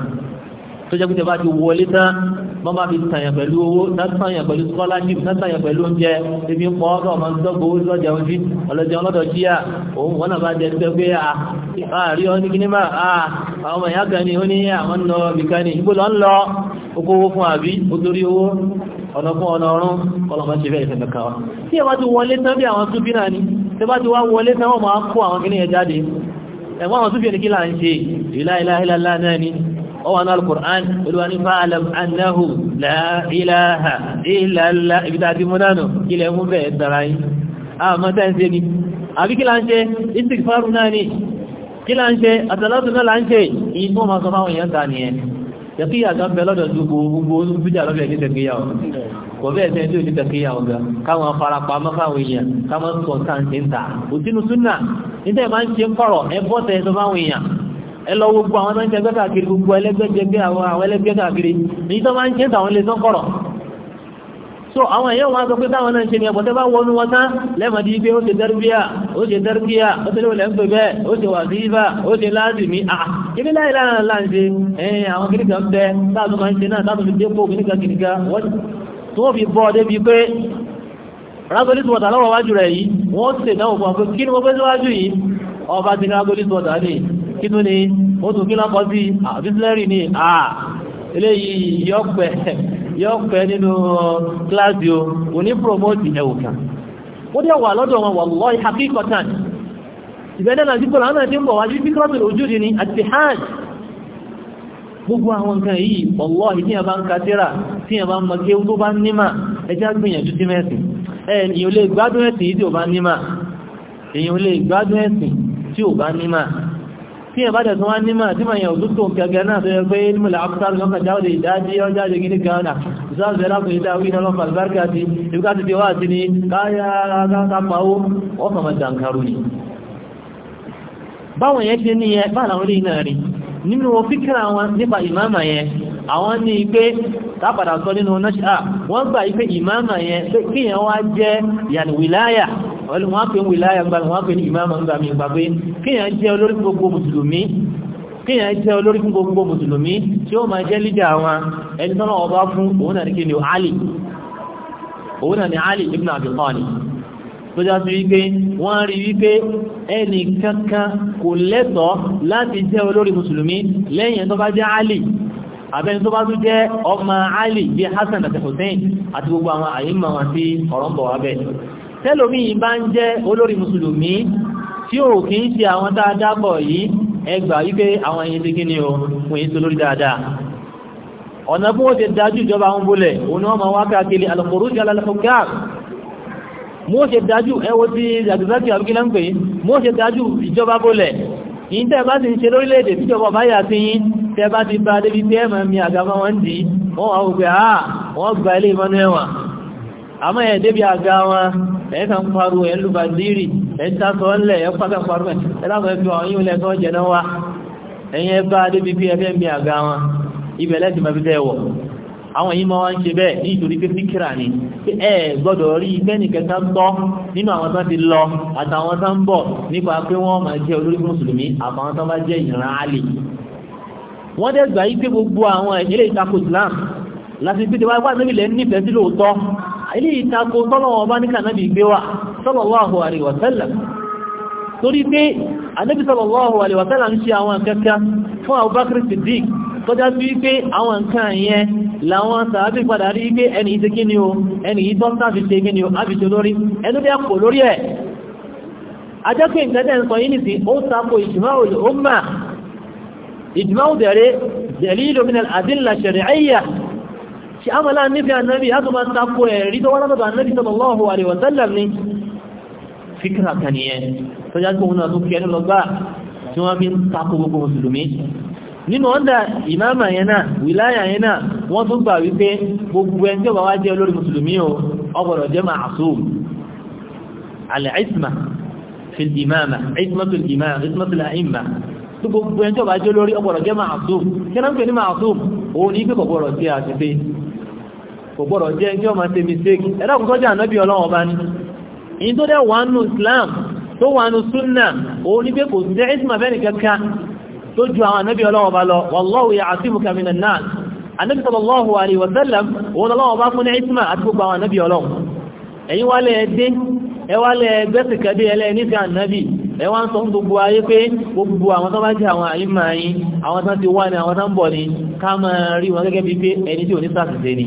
tó jẹ́ pé tẹ́ bá ti wọlé tán wọ́n bá fi tàyàn pẹ̀lú owó tàyàn pẹ̀lú scholarship tàyàn pẹ̀lú oúnjẹ ebi ń pọ̀ ọ́dọ̀ ọmọ ìdọ́gbò owó lọ́jà ojú ọlọ́jà ọlọ́dọ̀ jíà òun wọ́n náà bá jẹ́ pé pé àárí ọ́ ní kí ní máa àwọn ọmọ ìyá kan ní ó ní àwọn ń lọ nìkan ní ìgbò lọ ń lọ oko owó fún àbí ó torí owó ọ̀nà fún ọ̀nà ọ̀run ọlọ́mọ ṣe bẹ́ẹ̀ ìfẹ̀mẹ̀ kan wa tí ẹ bá ti wọlé tán bí àwọn túbí náà ni tí bá ti wá wọlé tán wọ́n máa kó àwọn kìnìyàn jáde ẹ̀wọ́n àwọn túbí ẹni kí là ń ṣe ìlà ìlà ìlà náà ni ọwọ́n náà al-Qur'an olúwani fa'alam annahu la ilaha illa Allah ibi tàbí múnánù ilẹ̀ mú bẹ̀ẹ̀ dára yìí a mọ́ta ń ṣe ni àbí kí láńṣe istighfaru náà ni kí láńṣe àtàlátù náà láńṣe ìbọn ma sọ fáwọn èèyàn ta ní ẹ ẹlọ gbogbo àwọn tó ń jẹgbẹ́ káàkiri gbogbo ẹlẹ́gbẹ́jẹgbẹ́ àwọn àwọn ẹlẹ́gbẹ́ káàkiri èyí tó máa ń ṣe tàwọn lè sọ́kọ̀rọ̀ so àwọn èèyàn wọn sọ pé táwọn náà ṣe ní ẹ̀bọ̀tẹ́ bá wọnú wọn tán lẹ́mọ̀dí pé ó ṣe dẹ́rbíà ó ṣe dẹ́rbíà ó ṣe lẹ́wọ̀lẹ́ ń pè bẹ́ẹ̀ ó ṣe wà síífà ó ṣe láàzìmí àkíní láì láàrín aláǹṣe ẹ̀yìn àwọn kìnìkà ń bẹ táàtù máa ń ṣe náà táàtù fi dépò kìnìkà kìnìkà tó fi bọ́ débi pé rágolí tí lọ́wọ́ wájú rẹ̀ yìí wọ́n ṣèdánwò fún ọ pé kí ni fẹ́ síwájú yìí ọba ti ní rágolí tí ní kí ni ó tún kí lọ́kọ́ sí àbísílẹ́rì ah, ní àà ah, eléyìí yọ́pẹ́ nínú kíláàsì o kò ní promote ẹ̀wù ó dẹ̀ wà lọ́dọ̀ wọn wallahi hakikatan ìbẹ́dẹ̀ náà dípò láwọn tí ń bọ̀ wájú bí ojú ni àti hajj gbogbo àwọn nǹkan yìí wallahi tí a bá ń ka tí ń tó bá nímà ẹjá gbìyànjú sí mẹ́sìn gbádùn ẹ̀sìn tí ẹ̀ bá dẹ̀ tó wá nímọ̀ tí ma yàn òtútù gẹ̀gẹ̀ náà tó yẹ pé ní mọ̀lá aftar lọ́kà jáwọ́dé ìdájí ọ jáde gíní gánà ìsáàzẹ̀ lápẹ̀ ìdáwí iná lọ́pàá albarka ti ibùká ti wá sí ni káyà kápáwó wọ́n fàmà dankaru ni báwọn yẹn ti ní yẹ bá làwọn orí náà rí nínú fíkìrà wọn nípa ìmáàmà yẹn àwọn ní pé tápàdà sọ nínú náṣà wọ́n gbà ipé ìmáàmà yẹn pé kíyàn wá jẹ́ yànwìláyà pẹ̀lú wọ́n pè ń wìláyà gbà wọ́n pè ní ìmáàmà ń gbà mí gbà pé kíyàn jẹ́ olórí fún gbogbo mùsùlùmí kíyàn jẹ́ olórí fún gbogbo mùsùlùmí tí ó máa jẹ́ lídà àwọn ẹni tọ́nà ọba fún òun náà ní kí ni Ali òun náà ni Ali ibn Abi Talib tó já sí wípé wọ́n rí wípé ẹnì kankan kò lẹ́tọ̀ọ́ láti jẹ́ olórí àbẹ́ni tó bá tún jẹ́ ọmọ Ali bíi Hasan àti Hussein àti gbogbo àwọn àyíkmà wọn sí ọ̀rọ̀ ń tẹ́lòmí bá ń jẹ́ olórí mùsùlùmí tí ò kí ń ṣe àwọn dáadáa bọ̀ yìí ẹgbà wípé àwọn ẹ̀yìn ti gíní ohun èyí tó lórí dáadáa ọ̀nà bí wọ́n ti dájú ìjọba ń bólẹ̀ òun ọmọ wá káàkiri alùpùrù ti alálàfọ́gá mú ṣe dájú ẹwọ́ ti zàgbàtí àbúkílá ń pè mú ṣe ah, wọ́n gba ilé ìmọ́nú ẹ̀wọ̀n àmọ́ ẹ̀ débi àga wọn ẹ̀ kan paru ẹ̀ lùbà dírì ẹ̀ ń tasọ ńlẹ̀ ẹ̀ pàtà paru ẹ̀ ẹ̀ láwọn ẹ̀fẹ́ wọn yíò lẹ́tọ́ jẹ náà wá ẹ̀yìn ẹ̀ bá débi bí ẹ̀fẹ́ mi àga wọn ibẹ̀ lẹ́sìn máa fi bẹ́ẹ̀ ń ṣe bẹ́ẹ̀ ní ìtorí pé síkìrà ni ẹ gbọ́dọ̀ rí ibẹ́ nìkẹta tọ́ nínú àwọn tán ti lọ àtàwọn tán ń bọ̀ nípa pé wọ́n máa jẹ́ olórí mùsùlùmí àtàwọn ilé ìtakò tọ́lọ̀wọ̀ bá ní kànábì gbé wà sallallahu alaihi wa sallam torí pé anábì sallallahu alaihi wa sallam ń ṣe àwọn akẹ́kẹ́ fún Abubakar Siddiq tó já sí wípé àwọn nǹkan yẹn láwọn sàábì padà rí wípé ẹni ìṣe kí ni o ẹni ìtọ́ sáfi ṣe kí ni o ábìṣe lórí ẹnu bí a kò lórí ẹ̀ ajẹ́kẹ́ ìtẹ́tẹ́ ń sọ yìí nìsí ó tako ijma'u al-umma ijma'u dẹ̀rẹ́ dalilu min al-adilla ṣe àmàlà nífẹ̀ẹ́ ànábì a tó máa takò ẹ̀rí tó wọ́n látọ̀dọ̀ ànábì sallallahu alaihi wa sallam ní fíkìrà kan nìyẹn tó já sí òun àtúnkẹ́ ẹni lọ́gbà tí wọ́n fi ń takò gbogbo mùsùlùmí nínú ọ̀dà ìmáàmà yẹn náà wìláyà yẹn náà wọ́n tún gbà wípé gbogbo ẹni tí ó bá wá jẹ́ olórí mùsùlùmí o ọgbọ̀dọ̀ jẹ́ ma'asum al-isma fi al-imama isma fi al-imama isma fi al-a'imma gbogbo ẹni bá jẹ́ olórí ọgbọ̀dọ̀ jẹ́ ma'asum kí náà ń pè ní ma'asum òun ní pé sí àti pé kò gbọ́dọ̀ jẹ́ kí ọmọ ṣe mistake ẹ̀dàkùn tó jẹ́ ànábì ọlọ́run ọba ní in tó dẹ̀ wà nù Islam tó wà nù súnà òun ní pé kò sí ẹ́sìmọ̀ fẹ́ni kankan tó ju àwọn ànábì ọlọ́run ọba lọ wallahu ya'simuka minan nas ànábì sallallahu alaihi wasallam òun ọlọ́run ọba fún ẹ́sìmọ̀ àti gbogbo àwọn ànábì ọlọ́run ẹ̀yin wá lẹ́ dé ẹ wá lẹ́ gbẹ́sìkẹ́dé ẹlẹ́ẹ̀nífẹ́ ànábì ẹ wá ń sọ gbogbo ayé pé gbogbo àwọn tó bá jẹ́ àwọn àyíma yìí àwọn tán ti wá ní àwọn tán bọ̀ ní ká máa rí wọn gẹ́gẹ́ bí pé ẹni tí ò ní sáàtìsẹ́ ni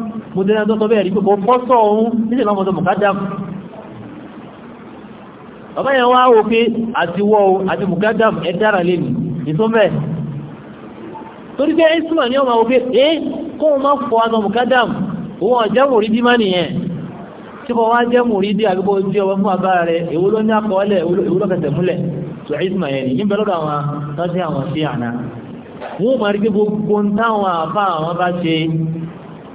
mo dẹ́nà tó sọ bẹ́ẹ̀ rí pé mo bọ́ sọ ohun nílẹ̀ máa mọ́tọ̀ mùkádàmù bàbá yẹn wá wò pé àti wọ́ o àti mùkádàmù ẹ dára lé mi nìtọ́ bẹ́ẹ̀ torí pé ẹ́sùmà ní ọmọ òkè é kó o máa fọ àtọ̀ mùkádàmù òun ọ̀jẹ́ mò rí bí má nìyẹn tí kò wá jẹ́ mò rí dé àgbébọ̀ ojú ọwọ́ fún àwọn tọ́jú àwọn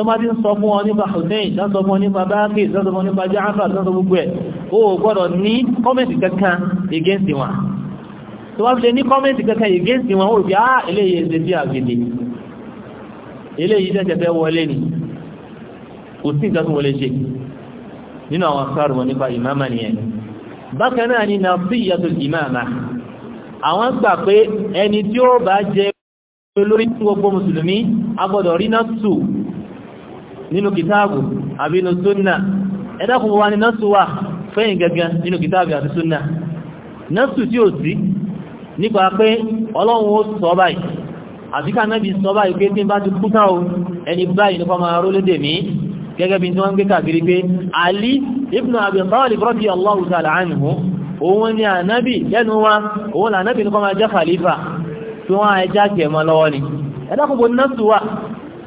tó bá ti ń sọ fún ọ nípa Hussein tó sọ fún ọ nípa Baqir tó sọ fún ọ nípa Ja'far tó sọ gbogbo ẹ̀ o gbọ́dọ̀ ní kọ́mẹ̀ntì kankan against wọn tó bá fi lè ní kọ́mẹ̀ntì kankan against wọn ó fi áà ah, eléyìí ẹ̀sẹ̀ sí àgbèdè eléyìí tẹ́tẹ̀ fẹ́ wọlé ni kò sí nǹkan tó wọlé ṣe nínú àwọn tí gbogbo mùsùlùmí agbọ́dọ̀ rí náà tù nínú kìtáàbù àbí nínú súnnà ẹ̀dàkùn wa ni nọ́sù wà fẹ́yìn gẹ́gẹ́ nínú kìtáàbù àti súnnà nọ́sù tí ó sí nípa pé ọlọ́run ó sọ báyìí àti ká náàbí sọ báyìí pé tí bá ti kúta o ẹni báyìí nípa máa rólé dè mí gẹ́gẹ́ bí tí wọ́n ń gbé kàkiri pé Ali ibn Abi Talib radiyallahu ta'ala anhu òun ni ànábì lẹ́nu wa òun lànábì nípa máa jẹ́ khalifa tí wọ́n á ẹjá kẹ̀mọ́ lọ́wọ́ ni ẹ̀dàkùn bo nọ́sù wà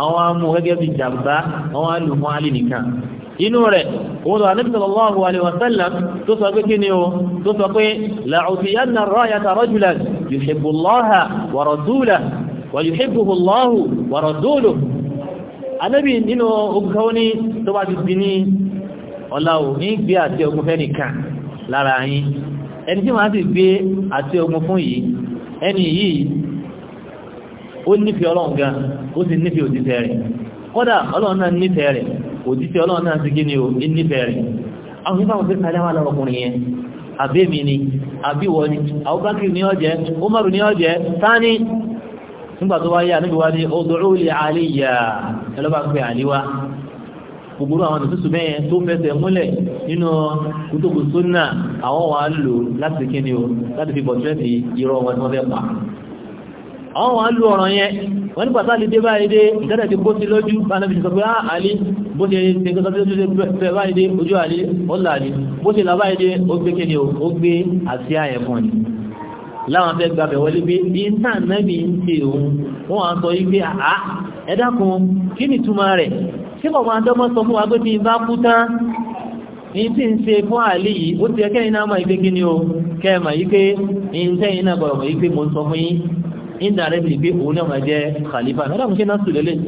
àwọn amú gẹ́gẹ́ bí jàmbá àwọn alùmọ́ alì nìkan inú rẹ̀ òun wà níbi sallallahu alaihi wa sallam tó sọ pé kí ni o tó sọ pé la'utiyanna ar-ra'yata rajulan yuhibbu Allaha wa rasulahu wa yuhibbuhu Allahu wa rasuluhu anábì nínú ogun ní tó bá ti ó nífẹ̀ẹ́ ọlọ́run gan ó sì òjíṣẹ́ rẹ̀ ọlọ́run náà rẹ̀ òjíṣẹ́ ọlọ́run náà sì gíní o nífẹ̀ẹ́ rẹ̀ àwọn ìbáwọn fẹ́ sáré wà yẹn àbẹ́mi ni àbíwọ Umaru àwọn ìtútù sunna àwọn wà lò láti láti fi wọn àwọn wọn lú ọ̀rọ̀ yẹn wọ́n ní pàtàkì dé báyìí dé ìtẹ́tẹ̀ ti bó ti lójú báyìí ti sọ pé ah àlè bó ti ṣe kọ́sọ́ tó ṣe bẹ́ẹ̀ báyìí dé ojú àlè ó là ní bó ti là báyìí dé ó gbé kéde ó gbé àti àyẹ̀ fún ni láwọn fẹ́ gbàbẹ̀ wọlé pé ìta nẹ́bí ń ṣe òun wọ́n indirectly pé òun náà jẹ́ khalifa náà dákun ṣe náà sùn lélẹ̀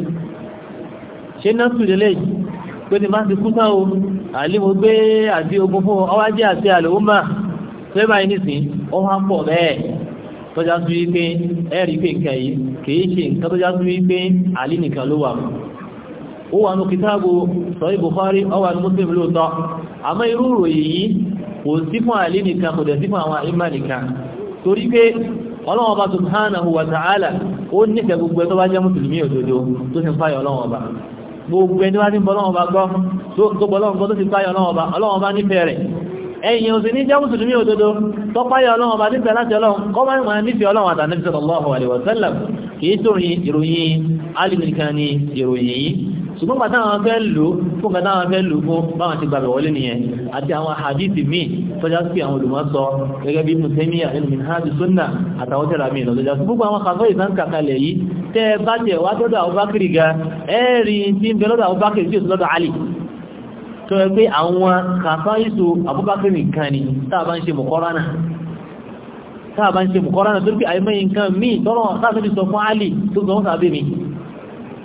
ṣe náà sùn lélẹ̀ pé ní ti kú sáà o àlímú gbé àti ogun fún ọwá jẹ́ àti àlòwúmà pé báyìí nìsín ọwá pọ̀ bẹ́ẹ̀ tọ́já sí wípé ẹ̀rí pé nǹkan yìí kìí ṣe nǹkan tọ́já sí wípé àlí nìkan ló wà ó wà ní kìtàbù sọ́rí Bukhari ọwà ní Muslim lóòótọ́ àmọ́ irú ìròyìn yìí kò sí fún àlí nìkan kò dẹ̀ sí fún àwọn nìkan torí ọlọ́wọ́n ọba subhanahu wa ta'ala ó nífẹ̀ẹ́ gbogbo ẹ tó bá jẹ́ mùsùlùmí òdodo tó ti fáyọ̀ ọlọ́wọ́n ọba gbogbo ẹni wá ní bọ́lọ́wọ́n ọba gbọ́ tó bọ́lọ́wọ́n gbọ́ tó ti fáyọ̀ ọlọ́wọ́n ọba ọlọ́wọ́n ọba nífẹ̀ẹ́ rẹ̀ ẹ̀yìn òsì ní jẹ́ mùsùlùmí òdodo tó páyọ̀ ṣùgbọ́n bàtà àwọn fẹ́ lò fún bàtà àwọn fẹ́ lò fún báwọn ti gbàgbẹ̀ wọlé nìyẹn àti àwọn hadithi míì tọ́já sí àwọn olùmọ́sọ gẹ́gẹ́ bí mùsẹ́míyà nínú minhajus sunna àtàwọn tẹ́ra míì lọ tọ́já sí gbogbo àwọn kàfọ́ ìtàn yìí tẹ́ bá tẹ̀ wá tọ́dọ̀ àwọn ga ẹ́ẹ̀rì tí ń bẹ lọ́dọ̀ àwọn tí ò sí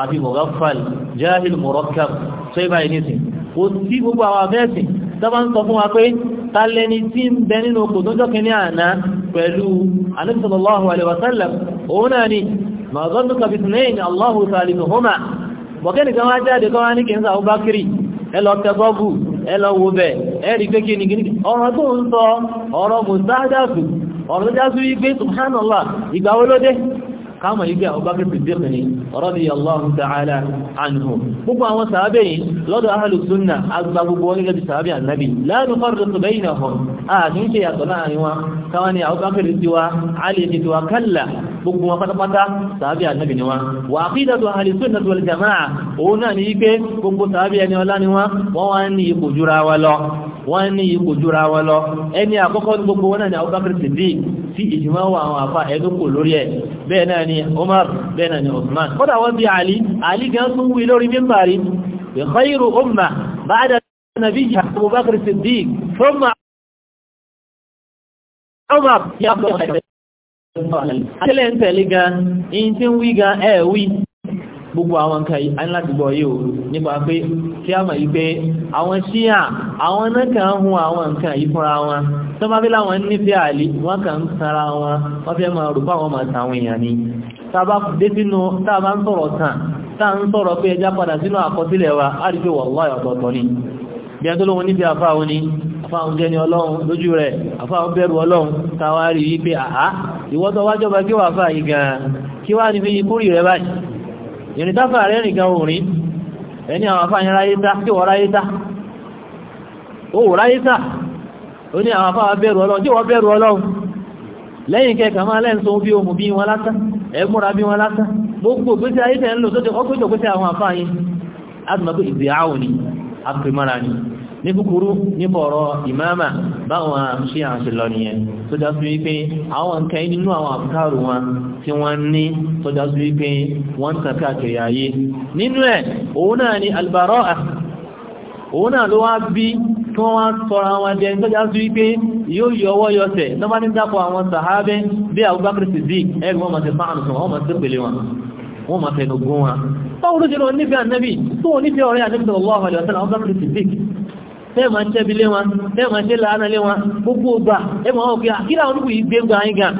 àti mọ̀gáfàl jahil murakkab tó ibà ìníṣìn ó tí gbogbo àwọn abẹ́ẹ̀sìn tọ́bá ń sọ fún wa pé tàlẹni tí ń bẹ nínú okò tó jọ́kẹ́ ní àná pẹ̀lú Ànábì sallallahu alaihi wasallam òun náà ni ma zannu ka bitnayn Allahu salisuhuma bọ̀kẹ́ni kan wá jáde kan wá ní kìíní Abubakiri ẹlọ tẹgọ́gù ẹlọ káàmà ibi àwọ̀bákì fìdíkì ni radiyallahu ta'ala anhu gbogbo àwọn sàábẹ̀ yìí lọ́dọ̀ ahlu sunna agbá gbogbo wọn gẹ́gẹ́ bí sàábẹ̀ ànábì la nufarriqu bainahum ààkì ń ṣe yàtọ̀ láàrin wa káwọn ni àwọ̀bákì rí tiwa alì ní tiwa kalla gbogbo wọn pátápátá sàábẹ̀ ànábì ni wa wà aqidatu ahli sunna wal jama'a òun náà ni ní ipò ẹni àkọ́kọ́ gbogbo wọn náà ni àwọ̀bákì tí ìjìmáwà àwọn àfá ẹ̀dùkù lórí ẹ̀ bẹ́ẹ̀ náà ni Umar bẹ́ẹ̀ náà ni Uthman kọ́dà wọ́n bí Ali Ali gan tún wí lórí mímbàrí bi khayru umma ba'da nabiyyiha Abubakar Siddiq thumma gbogbo àwọn nǹkan yìí a láti gbọ́ yìí nípa pé kí a mọ̀ yìí pé àwọn ṣíyà àwọn náà ń hun àwọn nǹkan yìí fúnra wọn tó bá fi láwọn tara wọn wọ́n fẹ́ máa rò fáwọn máa tàwọn èèyàn ni tá a bá dé sínú tá a bá ń sọ̀rọ̀ tàn wa á rí pé ọ̀tọ̀ọ̀tọ̀ ni bí lóhun àfáwọn ni àfáwọn jẹ́ ni ọlọ́run lójú rẹ̀ àfáwọn bẹ̀rù ọlọ́run wípé àá kí wà yìí gan-an kí ní ìrìn táfà rẹ̀ rìn gan orin ẹni àwọn afáyín ráyítá tí wọ́n ráyítá ó wò ráyítá ó ní àwọn afáwà bẹ̀rù ọlọ́run tí wọ́n bẹ̀rù ọlọ́run lẹ́yìn kẹkà máa lẹ́ǹsọ́ bí ohun bí wọn lásán ẹgbúra bí wọn lásán gbogbo gbésí ayé tẹ̀ ń lò tó ti kọ́kọ́ ní kúkúrú nípa ọ̀rọ̀ ìmáàmà báwọn ṣe àṣẹ lọ nìyẹn tó jásí wípé àwọn nǹkan nínú àwọn àbúkárù wọn tí wọ́n ní tó jásí wípé wọ́n tàn káàkiri ayé nínú ẹ̀ òun náà ni albara'a òun náà ló wá bí tí wọ́n wá sọ́ra wọn jẹ́ tó jásí wípé yóò yọwọ́ yọsẹ̀ tó bá ní dápọ̀ àwọn sàhábẹ́ bí ọ̀rẹ́ ànábì sallallahu alaihi wasallam Abubakar tẹ́ẹ̀mà tẹ́bi lé wọn tẹ́ẹ̀mà tẹ́ làánà lé wọn gbogbo ọgbà ẹmọ wọn kí ah, kí làwọn olùkù yìí gbéǹgbà yín gan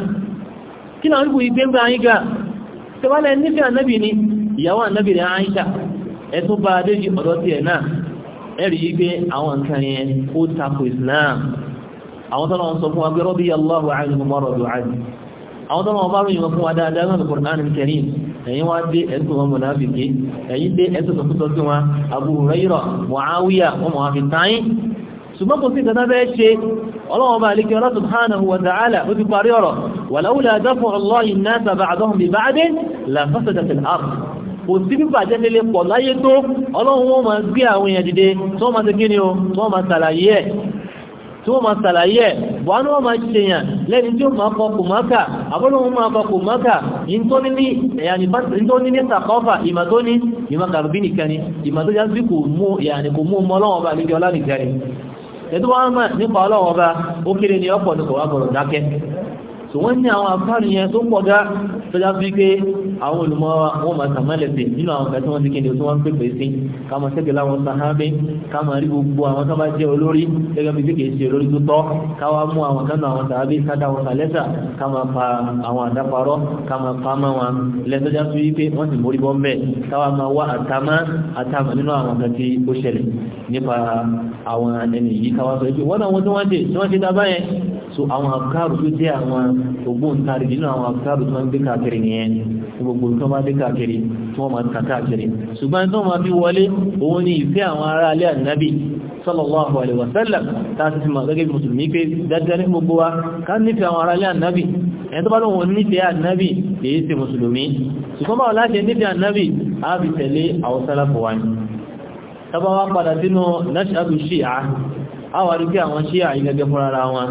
kí làwọn olùkù yìí gbéǹgbà yín gan tẹ́wálẹ̀ nífẹ̀ẹ́ ànábì ni ìyàwó ànábì rẹ̀ Àìṣà ẹ̀tún bá adéjì ọ̀dọ́ tiẹ̀ náà ẹ̀rí yìí gbé àwọn nǹkan yẹn ó takò Islam àwọn tọ́lọ́ sọ fún wa pé rọ́bì yàlláhu àìsàn dùn àìsàn àwọn tọ́lọ́ wọn bá ròyìn wọn fún wa dáadáa náà lùkùrán kẹrin ẹ̀yin wá dé ẹ̀sùn wọn mọ̀nàbìkì ẹ̀yin dé ẹ̀sùn tó tó sí wọn Abu Hurairah Muawiya wọn mọ̀ àfi táyín ṣùgbọ́n kò sí ìkàtà bẹ́ẹ̀ ṣe ọlọ́wọ́n bá alikẹ́ ọlọ́tún subhanahu wa ta'ala ó ti pọ̀ láyé tó ọlọ́run wọn máa gbé àwọn èèyàn dìde tó máa ti kí o tó máa ṣàlàyé ẹ̀ tí wọ́n máa sàlàyé ẹ̀ buhari wọ́n máa ṣèyàn lẹ́ni tí ó máa kọ kùmákà àbọ́lọ́wọ́n máa kọ kùmákà ìntóní ní sàkọ́fà ìmà tó ní ìmà gàrùbí nìkan ni ìmà tó jásí kò mú ọmọlọ́wọ́ bá nígbẹ̀ ọlá nìkan ni ẹ̀tọ́ wọ́n máa nípa ọlọ́wọ́ bá ó kéré ní ọ̀pọ̀ ní kọ̀wá gbọ̀rọ̀ dákẹ́ so wọ́n ní àwọn afárin yẹn tó pọ̀ gá tọ́já sí pé àwọn olùmọ̀ wọn máa tàmálẹ̀ sí nínú àwọn kẹta wọn ti kéde tí wọ́n ń pèpè sí ká máa ṣẹ́gbẹ̀ láwọn sàhábé ká máa rí gbogbo àwọn tó bá jẹ́ olórí gẹ́gẹ́ bí kéèké ṣe olórí tó tọ́ ká wá mú àwọn kan náà àwọn sàhábé ká wọn sàlẹ́sà ká máa àwọn àdáparọ́ ká máa so àwọn àkàrù tó jẹ́ àwọn ògbóǹtarìgì nínú àwọn àkàrù tó máa ń gbé káàkiri nìyẹn gbogbo tó máa gbé káàkiri tó máa ń kà káàkiri ṣùgbọ́n tó máa fi wọlé òun ni ìfẹ́ àwọn ará alẹ́ ànábì sallallahu alaihi wasallam ta ti fi magage musulmi pe daddare gbogbo wa ká nífẹ̀ẹ́ àwọn ará alẹ́ ànábì ẹni tó bá lóun nífẹ̀ẹ́ ànábì lè ṣe musulmi àwọn sálàfọ̀ àwọn shi'a ìgẹ́gẹ́ fúnra wọn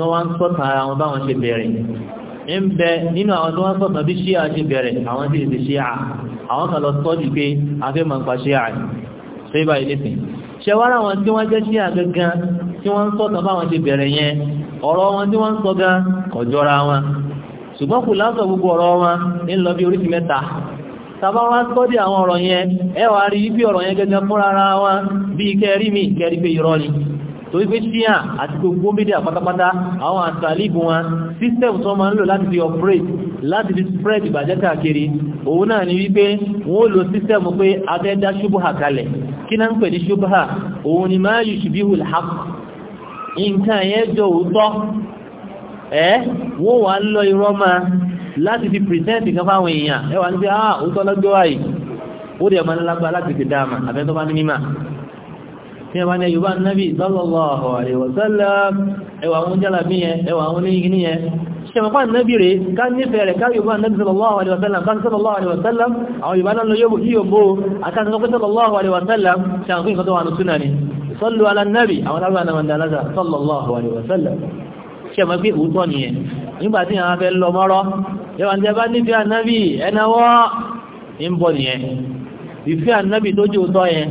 tó wá ń sọ́tà ara wọn báwọn ṣe bẹ̀rẹ̀ ń bẹ nínú àwọn tó wá sọ́tà bí ṣíà ṣe bẹ̀rẹ̀ àwọn sì ṣe ṣíà àwọn kan lọ sọ́ọ̀dì pé afẹ́ mọ̀ nípa ṣíà ṣé báyìí lẹ́sìn ṣe wá láwọn tí wọ́n jẹ́ ṣíà gangan tí wọ́n ń sọ́tà báwọn ṣe bẹ̀rẹ̀ yẹn ọ̀rọ̀ wọn tí wọ́n ń sọ gan kò jọra wọn ṣùgbọ́n kò lásọ̀ gbogbo ọ̀rọ̀ wọn ní lọ bí oríṣi mẹ́ta tàbá wá sọ́dí àwọn ọ̀rọ̀ yẹn ẹ wá rí bí ọ̀rọ̀ yẹn gẹ́gẹ́ fúnra wọn bí kẹrí mi kẹrí pé irọ́ ni torí pé ṣíà àti gbogbo mídíà pátápátá àwọn àtàlíbù wọn system tó máa ń lò láti fi operate láti fi spread ìbàjẹ́ káàkiri òun náà ni wípé wọ́n lò system pé abẹ́dá ṣubúhà kalẹ̀ kí náà ń pè ní ṣubúhà òun ni máa yù ṣubíhù haq nǹkan yẹn jọ òótọ́ ẹ́ wọ́n wà ń lọ irọ́ máa láti fi present nǹkan fáwọn èèyàn ẹ wà ní pé ah òótọ́ lọ́gbẹ́ wáyìí ó dẹ̀ máa ń lágbá láti fi dáàmà àbẹ́tọ́ bá ní mímà tí a bá ní ẹ̀yùbá nábì sallallahu alaihi wasallam ẹwà àwọn jálàbí yẹn ẹwà àwọn oníyìn yẹn ṣẹ̀mọ̀pá nábì rẹ̀ ká nífẹ̀ẹ́ rẹ̀ káyùbá nábì sallallahu alaihi wasallam ká sallallahu alaihi wasallam àwọn yùbá náà yóò yóò bó akásọ́kọ́ sallallahu alaihi wasallam ṣàǹkún ìkọ́tọ̀ wà ní súnà ni sallu ala nábì àwọn alábà náà mandalaza sallallahu alaihi wasallam ṣẹ̀mọ̀ pé òótọ́ nìyẹn nígbà tí àwọn afẹ́ lọ mọ́rọ́ yẹwà ní ẹbá nífẹ̀ẹ́ nábì ẹnáwọ́ ń bọ̀ nìyẹn ìfẹ́ nábì tó jẹ́ òótọ́ yẹn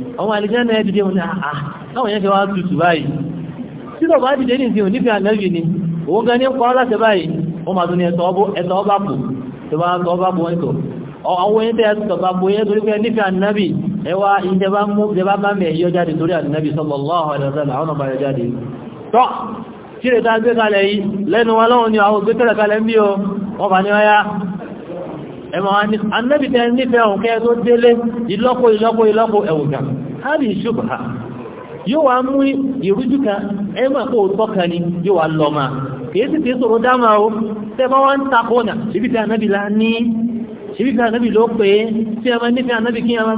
àwọn àlìjẹ́nà ẹ̀ dìde wọn ni àà ah, ah, táwọn yẹn ṣe wá tutù báyìí tí lọ bá dìde ní ìsìn onífẹ́ ànábì ni òun gan ní ń pa láti báyìí wọ́n máa tún ní ẹ̀tọ́ ọba kù tó bá tọ́ ọba bọ́ ẹ̀tọ́ àwọn yẹn tẹ́ ẹ̀tọ́ ọba bọ́ yẹn torí pé nífẹ́ ànábì ẹwà ìjẹba mú ìjẹba máa mẹ́ yọ jáde torí ànábì sallallahu alaihi wasallam àwọn ọba yọ jáde tọ́ tí lè ta gbé kalẹ̀ yìí lẹ́nu wa lọ́wọ́ ni àwọn gbé tẹ́lẹ̀ kalẹ̀ o wọ́n ẹmọ anábìtẹ nífẹ̀ẹ́ òun kẹ́ tó délé ìlọ́pọ̀ ìlọ́pọ̀ ìlọ́pọ̀ ẹ̀wùgbà hàbí ṣubha yóò wá mú ìrújú kan ẹmọ̀ kó tọ́ka ni yóò wá lọ máa kìí sì tí sọ̀rọ̀ dáma o tẹ́bá wá ń takọ́nà ṣíbítẹ́ anábì lá ní ṣíbítẹ́ anábì ló pé tí a máa nífẹ̀ẹ́ anábì kí a máa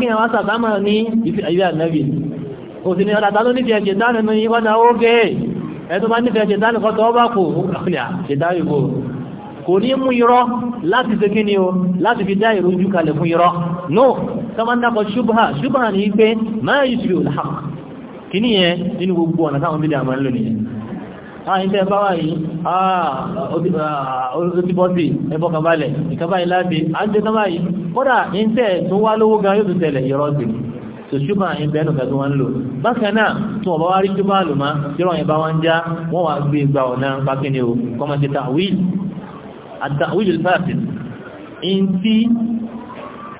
kí a ó gẹ́ kò ní mú irọ́ láti ṣe kíni o láti fi dá ìrújú kalẹ̀ fún irọ́ no sọ́mọ́ dákọ̀ ṣubha ṣubha ní pé máa yìí ṣubhi olhaq kì ní yẹn nínú gbogbo ọ̀nà táwọn bílẹ̀ àmà ń lò nìyẹn ààyìn ah, tẹ́ bá wà yìí òtìbọ́sì ah, ah, ẹbọ́kànbalẹ̀ ìkàbáyìí láti àjẹ́kànbáyìí kọ́dà ìntẹ́ tó wá lówó gan yóò tún tẹ̀lẹ̀ ìrọ́sìn so ṣúbà ìbẹ̀ẹ́nù kàtún wọn lò bákanáà tí wọ́n bá wá rí ṣúbà lò má tí wọ́n já wọ́n wá gbé ìgbà ọ̀nà pákíní o kọ́mọ̀ títà wíìlì àtàwílì fàáfin in tí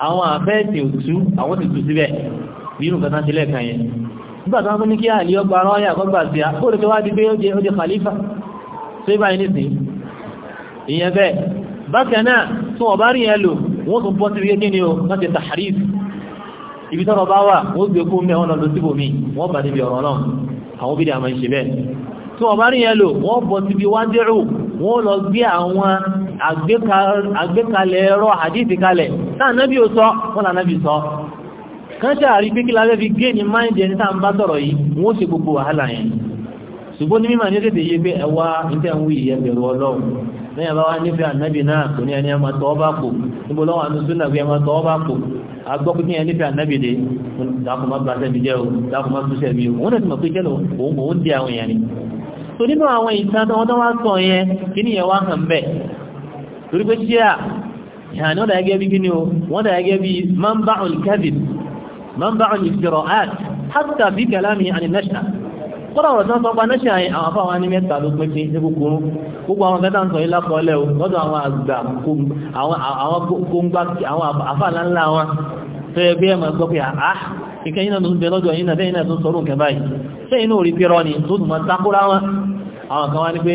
àwọn àfẹ́ẹ̀sì òtú àwọn ti tù síbẹ̀ nínú kan sáńtí lẹ́ẹ̀kan yẹn nígbà tó wọ́n ní kí àlè ọgbà ara ọyà kọ́gbà sí a ó lè tó wá di pé ó jẹ khalifa tó bá yìí nìsín ìyẹn bẹ́ẹ̀ bákan náà tó wọ́n bá rí yẹn lò wọ́n tún bọ́ síbi kí ni o wọ́n ti tahrif ibi tọ́rọ bá wà wọ́n wá dẹ́rù wọ́n lọ gbé àwọn àgbékalẹ̀ ẹ̀rọ àdíìsì kalẹ̀ táà nábí ò sọ wọ́n lànábí sọ kan ṣàrí pé kí lábẹ́ fi gé ní máìndì ẹni táà ń bá sọ̀rọ̀ yìí wọ́n ṣe gbogbo wàhálà yẹn ṣùgbọ́n ní mímọ̀ ní tètè yé pé ẹwà níta ń wí ìyẹ́ bẹ̀rù ọlọ́run lẹ́yìn bá wá nífẹ̀ẹ́ ànábì náà kò ní ẹni ẹmọ tọ́ bá kò níbo lọ́wọ́ àánú súnà pé ẹmọ tọ́ bá kò agbọ́ pé kíyẹn nífẹ̀ẹ́ àwọn èèyàn tó wọ́n tó wá sọ yẹn kí nìyẹn wá hàn bẹ́ẹ̀ torí pé ṣíà ìhànà ọ̀dà gẹ́gẹ́ bí kíni o wọ́n dà gẹ́gẹ́ bí manba'ul kadhib manba'ul iftira'at hatta bí kalami àni nasha kọ́dà ọ̀rọ̀ tán sọpa nasha yẹn àwọn afáwọn ní mẹ́ta ló pé ní kúkúrú gbogbo àwọn mẹ́ta ń sọ yìí lápọ̀ọ́lẹ̀ o lọ́dọ̀ àwọn àgbà àwọn kóńgbà àwọn àfàlà ńlá wọn tó yẹ pé ẹmọ̀ gbọ́ pé àá ah, ah, ìkẹ́ iná ló ń bẹ lọ́jọ́ iná bẹ́ẹ̀ iná tó sọ̀rọ̀ nǹkan báyìí ṣé inú orí pẹ́rọ ni tó tún mọ́ tákúrá wọn àwọn kan wá ní pé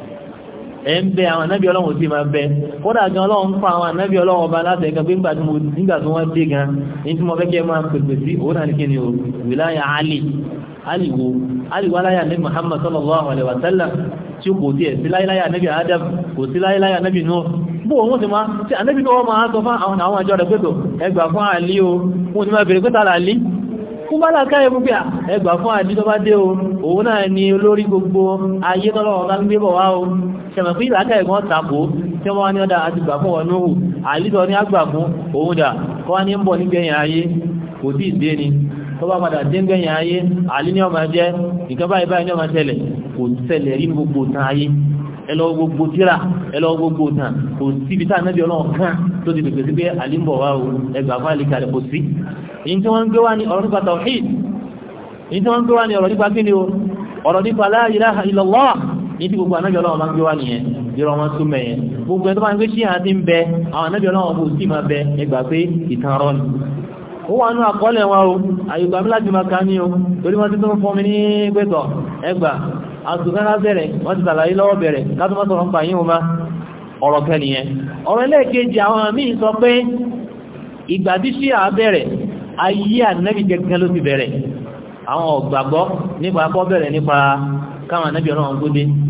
ẹ̀ ń bẹ àwọn anábì ọlọ́run sí máa bẹ kódà gan ọlọ́run ń pa àwọn anábì ọlọ́run ọba láti ẹ̀kan pé nígbà tí wọ́n dé gan ní tí mo fẹ́ kí ẹ máa pèpè sí òun ní kí o wìláyà alì aliwo aliwo aláyà ní Muhammad sallallahu alaihi wa sallam tí ó kò tí ẹ̀ sí láyéláyà anábì Adam kò sí láyéláyà anábì Nuh bó wọn ti máa tí anábì Nuh máa sọ fún àwọn àwọn àjọ rẹ̀ o wọn ti máa bèrè kú bá làákàyè mú pé ẹgbà fún àdí tó bá o òun ni olórí gbogbo ayé tọ́lọ́wọ́ bá ń wá o ṣẹ̀mọ̀ pé làákàyè kan tako tí wọ́n ní ọ̀dà àti gbà fún ọ̀nà òhù ní àgbà fún òun dà kọ́ ní ń bọ̀ nígbẹ̀yìn ẹ lọ gbogbo tíra ẹ lọ gbogbo tàn kò síbi tá ànábì ọlọ́run kan tó ti dùgbẹ́ sí pé àlímbọ̀ wa o ẹgbà fún àlìkà rẹ̀ kò sí. èyí tí wọ́n ń gbé wá ní ọ̀rọ̀ nípa tawhid èyí tí wọ́n ń gbé wá ní ọ̀rọ̀ nípa kíni o ọ̀rọ̀ nípa la ilaha illallah ní tí gbogbo ànábì ọlọ́run máa ń gbé wá nìyẹn ìrọ̀ wọn tún mẹ́yẹn gbogbo ẹ̀ tó máa ń gbé sí àti ń bẹ àwọn ànábì ọlọ́run kò sí máa bẹ ẹgbà pé ìtàn rọ ni ó wà ní àkọọ́lẹ̀ wọn o àyùgbà mi máa ka ní o torí wọn ti tún fún mi ní pẹ́tọ̀ ẹgbà àtùkánná bẹ̀rẹ̀ wọ́n ti tàlàyé lọ́wọ́ bẹ̀rẹ̀ látọ́mọ́ sọ̀rọ̀ ń pa yíò má ọ̀rọ̀ kẹ́ nìyẹn ọ̀rọ̀ ẹlẹ́ẹ̀kejì àwọn míì sọ pé ìgbà tí ṣíà bẹ̀rẹ̀ ayé ànábì gẹ́gẹ́ ló ti bẹ̀rẹ̀ àwọn ọ̀gbàgbọ́ nípa kọ́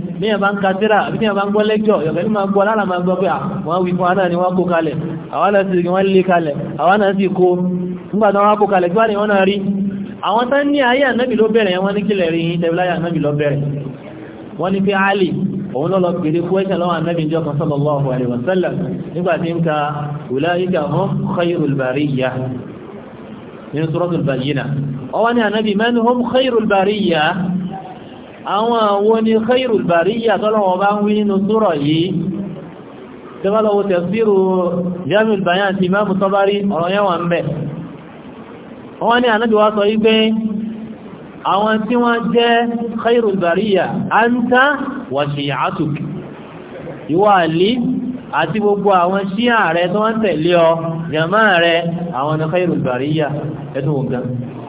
bí yẹn bá ń katira àbí tí yẹn bá ń gbọ́ lẹ́jọ́ yọ̀kẹ́ ní máa gbọ́ lára máa gbọ́ pé àwọn wí fún aná ni wọ́n kó kalẹ̀ àwọn náà sì wọ́n lé kalẹ̀ àwọn náà sì kó nígbà tí wọ́n kó kalẹ̀ tí wọ́n ní wọ́n náà rí àwọn tán ní ayé ànábì ló bẹ̀rẹ̀ wọ́n ní kílẹ̀ rí yín tẹ̀wé láyé ànábì ló bẹ̀rẹ̀ wọ́n ní pé Ali òun lọ́lọ́ pèrè kúwẹ́sẹ̀ lọ́wọ́ ànábì jọ kan sallallahu alaihi wasallam nígbà tí ń ka ulaika hum khayrul bariyah nínú suratul bayyinah ọwọ́ ní ànábì man hum khayrul bariyah àwọn àwọn ni khairul bariyya tọ́lọ́wọ́ bá ń wí nínú sura yìí tẹ́bálọ́wọ́ tafsiru Jami'ul Bayan ti Imam Tabari ọ̀rọ̀ yẹn wà ń bẹ̀ wọ́n ní Ànábì wa sọ wípé àwọn tí wọ́n jẹ́ khairul bariyya anta wa shi'atuk ìwọ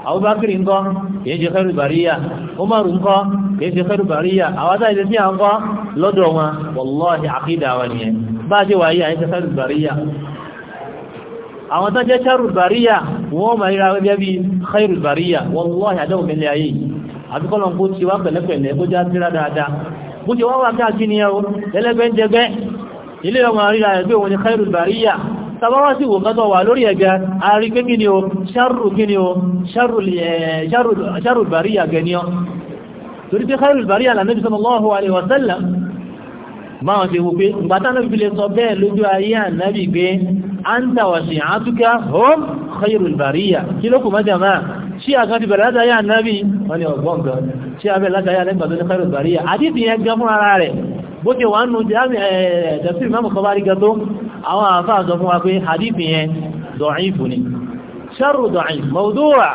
abubakar ńkọ́ kìí ṣe kẹrù bàríyà umar ńkọ́ kìí ṣe kẹrù bàríyà àwọn àtàwọn ìṣẹ́ sí à ń kọ́ lọ́dọ̀ wọn wàláhì àkídà wọn nìyẹn bá a ṣe wáyé àyè ṣe kẹrù bàríyà àwọn tó jẹ́ kẹrù bàríyà wọ́n máa ríra gẹ́gẹ́ bí kẹrù bàríyà wàláhì àdáwò mẹ́lẹ̀ ayé àbíkọ́lọ́ kó ti wá pẹ̀lẹ́pẹ̀lẹ́ kó já síra dáadáa bó ṣe wá wá káàkiri yẹn ẹlẹ́gbẹ́ jẹgbẹ́ ilé ọmọ àríra ẹgbẹ́ òun ni kẹrù bàríyà tàbáwá sí wò mẹ́tọ̀ wà lórí ẹ̀gẹ́ àrí pé kí ni o ṣarù kí ni o ṣarù bàríyà gẹ̀níọ́ torí pé ṣarù bàríyà lànà bí sallallahu alaihi wasallam máa ṣe wùpé gbátánà fi lè sọ bẹ́ẹ̀ lójú ayé ànábì pé anta wa shi'atuka hum khairul bariya kí ló kù mọ́jà máa ṣí àkan ti bẹ̀rẹ̀ látàrí ànábì wọ́n ni ọgbọ́n gan ṣí abẹ́ látàrí àlẹ́gbàtọ́ ní khairul bariya àdífì yẹn gan fún ara rẹ̀ bó ti wà nù eh, àwọn àfáà sọ fún wa pé hadithi yẹn dọ̀ífù ni ṣarù dọ̀ífù mọ̀dúwà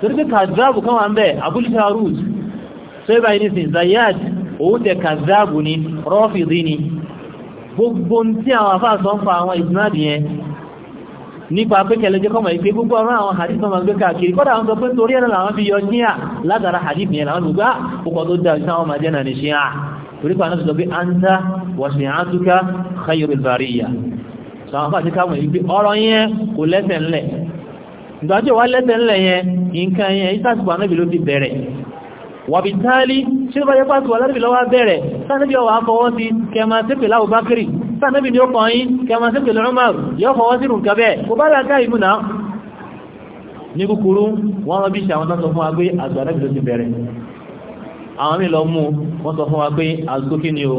torípé kàzáàbù kan wà ń bẹ̀ abúlṣarúd tó ibà ní sin zayad òun tẹ kàzáàbù ni rọ́fìdí ni gbogbo tí àwọn àfáà sọ ń fa àwọn ìsinádì yẹn nípa pé kẹlẹ́jẹ́ kọ́mọ̀ ìpé gbogbo ọ̀rọ̀ àwọn hadith ah, ọmọ torí pé àná ti sọ pé anta wàṣẹ àtúkà khayrul bariyya sàwọn fàájì káwọn èyí pé ọ̀rọ̀ yẹn kò lẹ́sẹ̀ ńlẹ̀ ìgbà tí ó wá lẹ́sẹ̀ ńlẹ̀ yẹn nǹkan yẹn ìsàsìkò ànábì ló ti bẹ̀rẹ̀ wàbí táálí tí ó bá yẹ pàtàkì wà lábì lọ́wọ́ bẹ̀rẹ̀ sáàbí ọwà fọwọ́ sí kẹma sípè láwọ bákìrì sáàbí ni ó kàn yí kẹma sípè lọ́rọ̀mọ̀ yóò fọwọ́ sí rùn kẹbẹ̀ kò bá láká ìmú náà ní kúkúrú wọ́n rọ́bíṣà wọn tán sọ fún agbé àgbà lábì ló ti bẹ̀rẹ̀ àwọn mí lọ mú wọ́n sọ fún wa pé àzùkókí ni o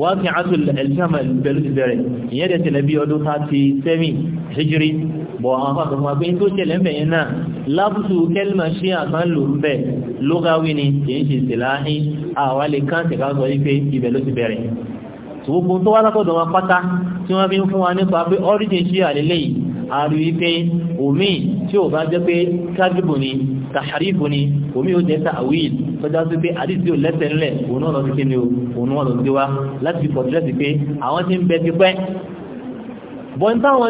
wọ́n fi àtò ẹ̀lẹ́sàmà pẹ̀lú ti bẹ̀rẹ̀ ìyẹn dẹ̀ tẹ̀lẹ̀ bí ọdún 37 hijiri bọ̀ àwọn afọ́ sọ fún wa pé tó tẹ̀lẹ̀ ń bẹ̀yẹn náà lábùsù kẹlìmà ṣe àkán ń bẹ̀ lógáwí ni kì í ṣe ìsìláhín gbogbo tó wá lákọ̀dọ̀ wọn pátá tí wọ́n fi ń fún wa nípa pé origin ṣí àlélẹ́ yìí àrí wípé omi tí ò bá jẹ́ pé kájúbù ni tàhàrífù ni omi ó jẹ́ tàwíl tọ́já sí pé àdíjì ò lẹ́sẹ̀ ńlẹ̀ òun náà lọ sí kíni òun náà lọ sí wá láti fọ̀tílẹ́sì pé àwọn tí ń bẹ ti pẹ́ bọ́n táwọn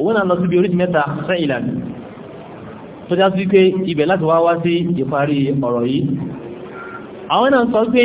òun náà lọ sí àwọn náà sọ pé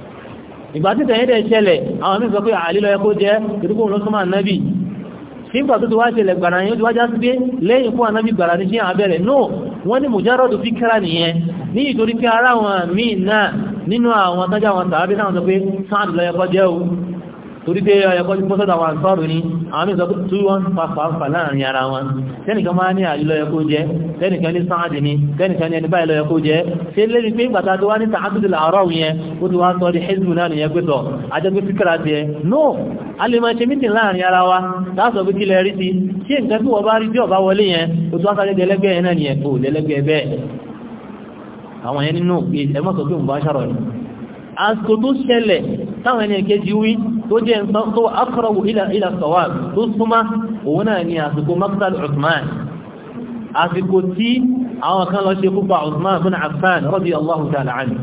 ìgbà tí tẹ̀yẹ́dẹ̀ ṣẹlẹ̀ àwọn mí sọ pé àlílọ ẹkọ́ jẹ́ ìrúkùn ló súnmọ́ ànábì nígbà tó ti wá ṣẹlẹ̀ gbàrà yẹn tó wájá sí pé lẹ́yìn fún ànábì gbàrà ní ṣe àbẹ̀rẹ̀ no wọ́n ní mùjárọ̀dù fi kíra nìyẹn ní ìtorí pé ara wọn míì náà nínú àwọn tájá wọn tàbí táwọn sọ pé sáàdù lọ́yẹ̀kọ́ jẹ́ torí pé ọyọ̀kọ́ ti pọ́sọ́dà wọn sọ́rọ̀ ní àwọn mẹ́sàn tí wọ́n pàpàpà láàrin ara wọn tẹ́nìkan máa ní àìlọ́yọ̀kó jẹ́ tẹ́nìkan ní sáàdì ní tẹ́nìkan ní ẹni báyìí lọ́yọ̀kó jẹ́ ṣe lè rí pé ìgbàta tó wá ní tààtùdìlà ọ̀rọ̀ yẹn ó ti wá sọ di hezbollah náà nìyẹn pẹ́tọ̀ no a lè máa ṣe mítìn láàrin ara wa láàsọ bí kílẹ̀ rí ti ṣe nǹkan tí wọ́n bá rí bí ọ̀bá wọlé yẹn ó ti wá sáré lẹ́lẹ́gbẹ̀ẹ́ náà nìyẹn kò ṣàrọ̀ ni àsìkò tó ṣẹlẹ̀ táwọn ẹni ẹ̀kẹ́jì wí tó jẹ́ tó akọrọwò ilà sọ̀wà tó súnmá òun náà ni àsìkò maktal Uthman àsìkò tí àwọn kan lọ ṣe púpà Uthman bin Affan radiyallahu ta'ala anhu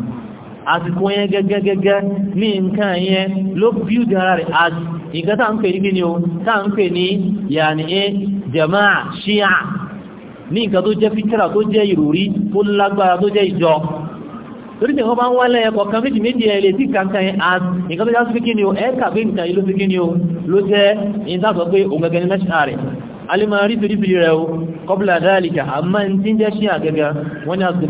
nǹkan tó jẹ́ fitira tó jẹ́ ìròrí tó lágbára tó jẹ́ ìjọ torí tí wọ́n bá ń wá lẹ́yìn kọ̀ọ̀kan méjì méjì ẹ̀ lè tí kankan as nǹkan tó já sí kí ni o ẹ̀ẹ́kà bí nǹkan yìí ló sí kí ni o ló jẹ́ ìdáàtọ̀ pé òun gẹ́gẹ́ ní national rẹ̀ alima rí fìrí fìrí rẹ̀ o kọ́bùlà dáàlìkà àmọ́ ní tí ń jẹ́ sí àgẹ́gẹ́ wọ́n ní àti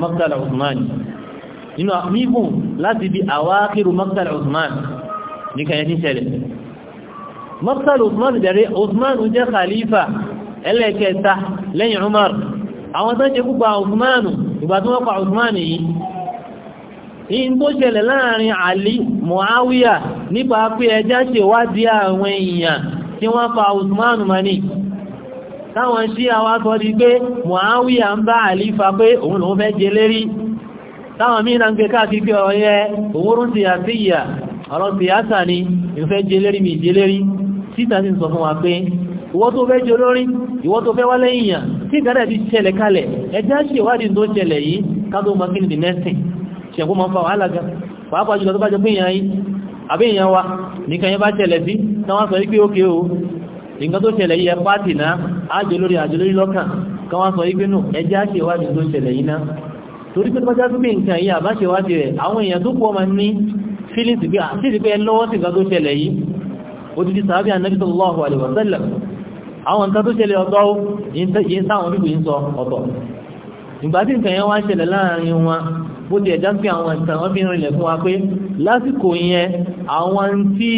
maktala khalifa ẹlẹ́kẹta lẹ́yìn umar àwọn tó ń ṣe gbogbo usman in tó ṣẹlẹ̀ láàrin ali muawiya nípa pé ẹjá di àwọn èèyàn tí wọ́n fa usman mani táwọn sí àwọn sọ di pé muawiya ń bá alifa fa pé òun lòun fẹ́ jẹ lérí táwọn mí náà ń gbé káàkiri pé ọ̀yẹ ti àtíyà ọ̀rọ̀ ni ìfẹ́ jẹ lérí mi jẹ lérí wa ti ṣẹ̀kú ma ń fa wàhálà gan pàápàá jùlọ tó bá jẹ́ pé èèyàn yìí àbí èèyàn wa nìkan yẹn bá ṣẹlẹ̀ sí náà wọ́n sọ wípé ókè o nǹkan tó ṣẹlẹ̀ yìí ẹ pàtì náà àjò lórí àjò lórí lọ́kàn kan wọ́n sọ wípé nù ẹjẹ́ àṣẹ ìwádìí tó ṣẹlẹ̀ yìí náà torí pé tọ́já tó pé nǹkan yìí àbáṣe ìwádìí rẹ̀ àwọn èèyàn tó pọ̀ máa ní feelings bí àti pé lọ́wọ́ sí nǹkan tó ṣẹlẹ̀ yìí odidi sàábí ànábì sallallahu alaihi wasallam àwọn nǹkan tó ṣẹlẹ̀ ọ̀tọ̀ yìí táwọn ṣẹlẹ̀ láàrin wọn bó ti ẹ̀já pé àwọn ìtàn wọn fi ń rinlẹ̀ fún wa pé lásìkò yẹn àwọn tí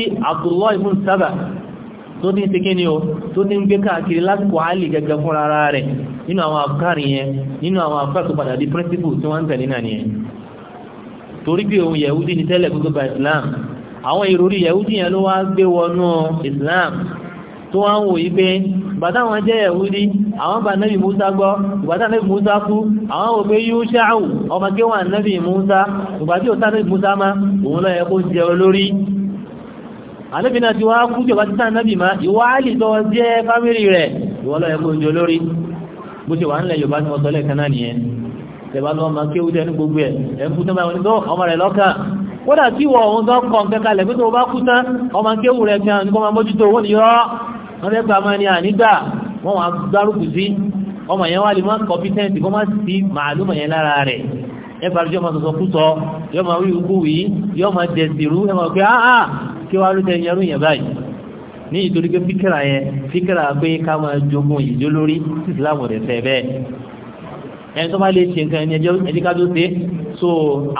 tó ti ń ni o tó ti ń gbé káàkiri lásìkò gẹ́gẹ́ fún ara rẹ̀ nínú àwọn afkari yẹn nínú àwọn afkari padà di principle tí wọ́n ń tẹ̀lé náà ni Islam tó wá ń wò yí pé bàtà jẹ́ Yẹhudi àwọn bá nẹ́bì Musa gbọ́ ìgbàtà nẹ́bì Musa kú àwọn wò pé Yusha'u ọmọ kí wọ́n nẹ́bì Musa ìgbàtí ò Musa má òun lọ́yẹ jẹ olórí ti wá kú jọba títà nẹ́bì má ìwọ́ àlì jẹ́ fámìlì rẹ̀ wọ́n dà tí wọ̀ tó kọ̀ tó bá kú tán wọ́n fẹ́ gba máa ní ànígbà wọ́n wà gbárùkù sí ọmọ yẹn wà lè má kọ́pítẹ́ǹtì kó má sí màálùmọ̀ yẹn lára rẹ̀ ẹgbàá jọ máa sọ̀sọ̀ kúsọ yọ máa wí ukú wí yọ máa dẹ̀sìrú ẹ máa pé áá kí wá ló tẹ́yìn ẹrú yẹn báyìí ní ìtorí pé fíkìrà yẹn fíkìrà pé ká máa jogun ìjó lórí sí ìsìláàmù rẹ̀ fẹ́ bẹ́ẹ̀ ẹni tó bá lè ṣe nǹkan ẹni ẹjọ́ ẹdíkádó ṣe so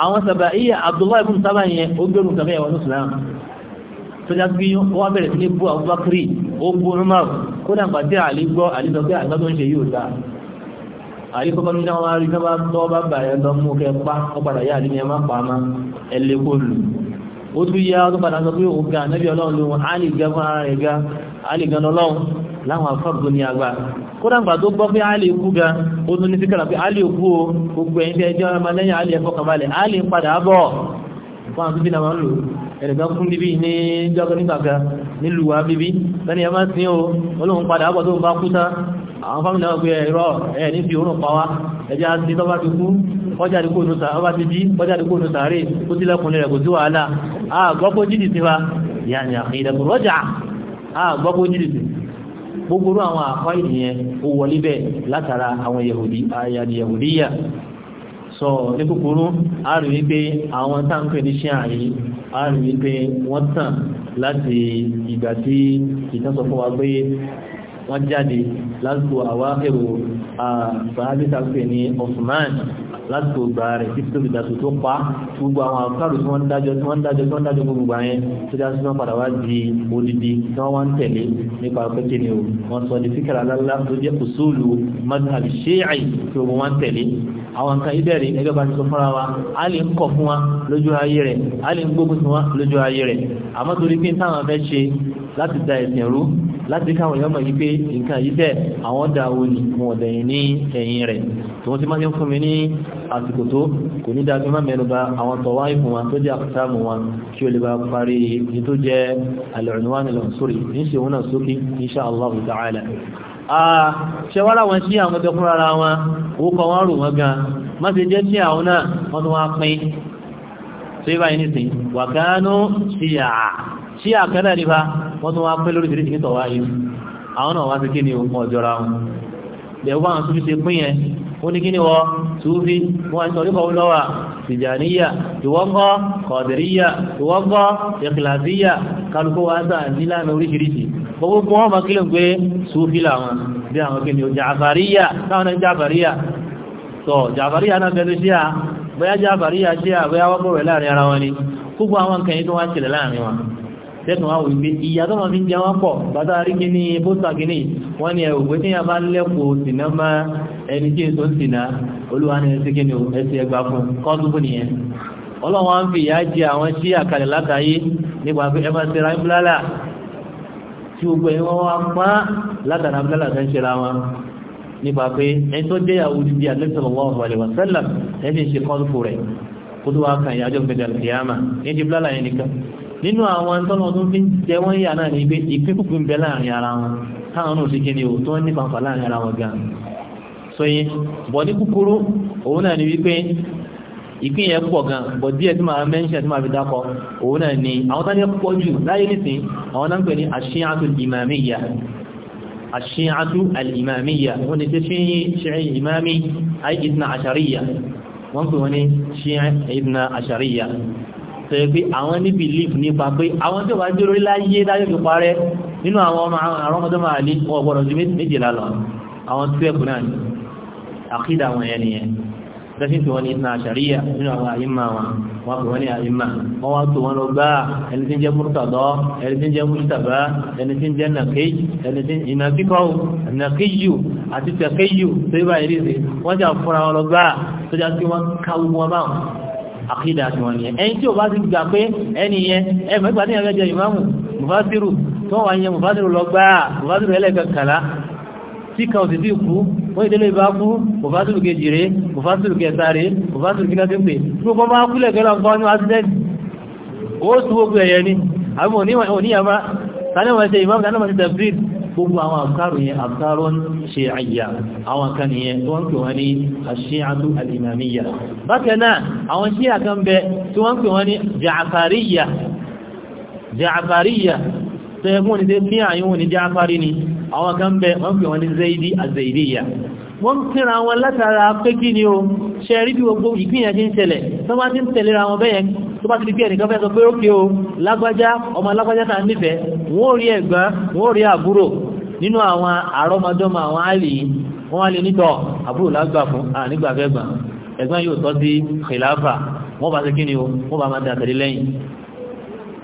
àwọn sábà iye Abdullahi ibùn sábà yẹn ó gbẹrù nǹkan bẹ́ẹ̀ wọn ní ìsìláàmù tó já bí wọ́n bẹ̀rẹ̀ sí ní bú Abubakari ó bú Umar kó dàgbà tí àlè gbọ́ àlè sọ pé àgbà tó ń tọ́ bá bàyẹ̀ lọ mú kẹ pa ó padà yá àlè ní ẹ má pa má ẹ lè kó lù ó tún yá ó padà sọ pé òun ga ànábì ọlọ́run lòun àlè gẹ fún ara rẹ̀ ga àlè gan ọlọ́run láwọn afọ́bù ní àgbà o gbogbo ẹ̀yìn tí ẹjọ́ ọmọ lẹ́yìn àlè ẹ̀fọ́ kàbalẹ̀ fún àwọn bíbí náà máa ń lò ẹnìkan fún bíbí ní jọ́gọ́ nígbà kan nílùú wa bíbí lẹ́ni ẹ máa sin o olóhun padà bọ̀ tó ń bá kú tán àwọn fámìlì náà gbé ẹ̀rọ ẹ̀ ní fi òórùn pa wá ẹjẹ́ á sí tọ́bá ti kú ọjà àdíkò ònú sàárè ọba ti bí ọjà àdíkò ònú sàárè ó ti lẹ́kùnrin rẹ̀ kò sí wàhálà àgbọ́pọ̀ jìdì sí wa yàní àkìdàkùn rọ́jà àgbọ́pọ̀ jìdì sí gbogbo àwọn àkọ́ ìdìyẹn ó wọlé bẹ́ẹ̀ látara àwọn yahudi ayàdì yahudiya so ní kúkúrú a rí wípé àwọn táǹkì ní ṣe àyí a rí wípé wọ́n tàn láti ìgbà tí ìtànsọ fún wa gbé wọ́n jáde lásìkò àwáhẹ̀wò sàábìsà pè ní Osman lásìkò gbà rẹ̀ tí tó ìdàtò tó pa gbogbo àwọn àkàrù tí wọ́n dájọ́ tí wọ́n dájọ́ tí wọ́n dájọ́ gbogbo àyẹn tó já sí wọ́n padà wá di odidi tí wọ́n wá ń tẹ̀lé nípa pẹ́kẹ́ ni o wọ́n sọ di fíkàrà lálá tó jẹ́ òṣòlù madhab Shi'i tí gbogbo wọ́n tẹ̀lé àwọn nǹkan ìbẹ̀rẹ̀ ẹgbẹ́ bá ti sọ fúnra wa a lè ń kọ̀ fún wa lójú ayé rẹ̀ a lè ń gbógun fún wa lójú ayé rẹ̀ àmọ́ torí pé táwọn fẹ́ ṣe láti da ẹ̀sìn rú láti káwọn èèyàn mọ̀ yí pé nǹkan yìí tẹ̀ àwọn dà wo ni mo ọ̀dẹ̀ yìí ní ẹ̀yìn rẹ̀ tí wọ́n ti máa ń fún mi ní àsìkò tó kò ní dájú máa mẹ́nu ba àwọn tọ̀wá ìfún wọn tó jẹ́ àkùsáàmù wọn kí o lè bá parí ní tó jẹ́ al-unwan al-unsuri ní ṣe òun náà sókè insha Allah ta'ala ṣẹwàrà wọn sí àwọn ọdọkùn rárá wọn òkọ wọn rò wọn gan má ṣe jẹ́ sí àwọn náà wọ́n tún wá pín tí ó bá yìí nìsín wàkánú síyà tí àkẹ́lẹ̀ nípa wọ́n tún wá pé lórí ìrísí nítọ̀ wáyé àwọn náà wá sí kí ni òun ọ̀jọ́ra wọn lẹ́wọ́ àwọn tó fi ṣe pín yẹn ó ní kí ni wọ́n túnfí wọ́n ń sọ̀rí kọ̀wọ́ lọ́wà tìjàníyà ìwọ́gbọ́ kọ̀dìríyà ìwọ́gbọ́ ìkìlàsíyà kálukú wá sáà nílànà oríṣiríṣi gbogbo wọn máa kílò pé súnfí làwọn bí àwọn kí ni jàfàríyà táwọn náà jàfàríyà sọ jàfàríyà náà bẹ̀rẹ̀ sí à bóyá jàfàríyà sí à bóyá wọ́pọ̀ rẹ̀ láàrin ara wọn ni gbogbo àwọn kẹyìn tó wá ń ṣẹlẹ̀ láàrin wọn tẹ́tùn wá wípé ìyà tó ma fi ń jẹ wọ́n pọ̀ bàtà rí kí ní bóta gíní wọ́n ni ẹ̀wùgbé tí a bá lẹ́pọ̀ sínà má ẹni tí èso ń sínà olúwa ní ẹsẹ̀ kí ni ẹsẹ̀ ẹgbà fún kọ́tùkù nìyẹn ọlọ́wọ́n ń fi ìyà jẹ àwọn tí àkàlẹ̀ látàyé nípa pé ẹbá ṣe ra bílálà tí gbogbo ẹ̀ wọ́n wá pa látara bílálà tó ń ṣe ra wọn ẹni tó nínú àwọn tọ́nà tó fi ń jẹ wọ́n yà náà ní pé ìpínkùkù ń bẹ láàrin ara wọn táwọn náà sì kí ni ò tó ń ní fanfà ara wọn gan so yẹn bọ̀ ní kúkúrú òun náà ni wípé ìpín yẹn pọ̀ gan bọ̀ díẹ̀ tí màá mẹ́ńṣẹ̀ tí màá fi dákọ òun náà ni àwọn táwọn yẹn pọ̀ jù láyé nìsín àwọn náà ń pè ní àṣíyàtò ìmàmíyà àṣíyàtò alìmàmíyà wọ́n ni tí ṣíyìn ìmàmí àìkìtìnà àṣàríyà wọ́n pè wọ́n ní ṣíyìn ìbìnà àṣàríyà sọ pé àwọn ní belief nípa pé àwọn tí ó bá dúró láyé dájọ́ fi parẹ́ nínú àwọn ọmọ àwọn ọmọdé máa lé wọn gbọ́dọ̀ ju méjìlá lọ àwọn twelve náà ni àkídà wọn yẹn nìyẹn tẹ́sìn tí wọ́n ní ìtàn àṣàríyà nínú àwọn àyímà wọn wọ́n pè wọ́n ní àyímà wọ́n wá tó wọn lọ gbá ẹni tí ń jẹ́ múrtàdọ́ ẹni tí ń jẹ́ múrtàbá ẹni tí ń jẹ́ nàkéjì ẹni tí ìnà kíkọ́ nàkéjì àti tẹ̀kéjì tó yẹ báyìí rí sí wọ́n jà fúnra wọn lọ gbá tó já sí wọn káwọ́ wọn àkídà tí wọ́n nìyẹn ẹni tí ò bá ti gbà pé ẹni yẹn ẹ mẹ́gbà ní ẹgbẹ́ jẹ ìmáàmù mufasiru tó wà yẹn mufasiru lọ gbá mufasiru ẹlẹ́kẹ̀kàlá tí kan òsì sí kú wọ́n ìdílé ìbá kú mufasiru kejì rẹ̀ mufasiru kẹta rẹ̀ mufasiru kíkà tó pè gbogbo bá gbogbo àwọn àkàrò yẹn àkàrò ń ṣe àyà àwọn kan nìyẹn tó ń pè wọ́n ní àṣíyàtú alìmàmíyà bákan náà àwọn sí àkàn bẹ tí wọ́n pè wọ́n ní jàfàríyà jàfàríyà ní tẹ́ bí àyíwò ní jàfàrí ni àwọn kan wọ́n pè wọ́n ní zaidi àzaidiya wọ́n ń kíra wọn látara pé kí ni o ṣe rí bí gbogbo ìgbìyànjú ń tẹ̀lẹ̀ tó bá ti ń tẹ̀lera wọn bẹ́yẹn tó bá ti di bí ẹnìkan fẹ́ sọ pé ókè o lágbájá ọmọ lágbájá ta nífẹ̀ẹ́ wọ́n rí ẹ̀gbọ́n wọ́n rí àbúrò nínú àwọn àrọ́mọdọ́mọ àwọn àlì wọ́n wá lè nítọ̀ àbúrò lágbà fún ànígbàfẹ́gbà ẹ̀gbọ́n yóò tọ́ sí kìláfà wọ́n bá ṣe kí ni o wọ́n bá máa dàtẹ̀lé lẹ́yìn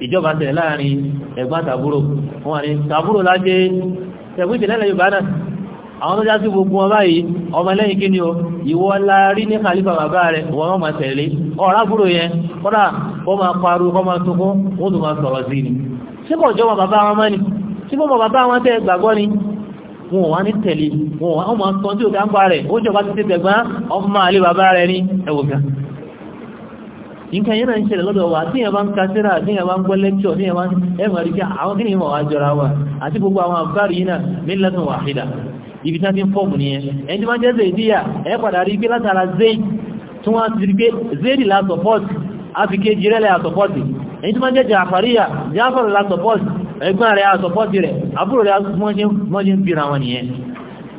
ìjọba tẹ̀lé láàrin ẹ̀gbọ́n tàbúrò àwọn tó jásí gbogbo wọn báyìí ọmọ lẹ́yìn kí ni o ìwọ la rí ní kàlífà bàbá rẹ̀ wọ́n máa tẹ̀lé ọ̀rá búrò yẹn kọ́dà wọ́n máa parú kọ́ máa sunkún wọ́n tó máa sọ̀rọ̀ sí ni ṣé kò jọ wọn bàbá wọn mọ́ ni ṣé mọ̀ bàbá wọn tẹ́ ni wọn wá ní tẹ̀lé wọn wá máa sọ tí ò ká ń pa rẹ̀ ó jọba ti tẹ̀ gbọ́n ọmọ máa lé bàbá rẹ̀ ní ẹ̀wọ̀ ibi tán ti ń fọ́ọ̀mù nìyẹn ẹni tí wọ́n jẹ́ zèdíyà ẹ padà rí pé látara zayd tí wọ́n ti rí pé zayd la sọpọ́ọ̀tì áfíkẹ́ jírẹ́lẹ̀ àsọpọ́ọ̀tì ẹni tí wọ́n jẹ́ jàfàríyà jáfàrò la sọpọ́ọ̀tì ẹgbọ́n rẹ̀ àsọpọ́ọ̀tì rẹ̀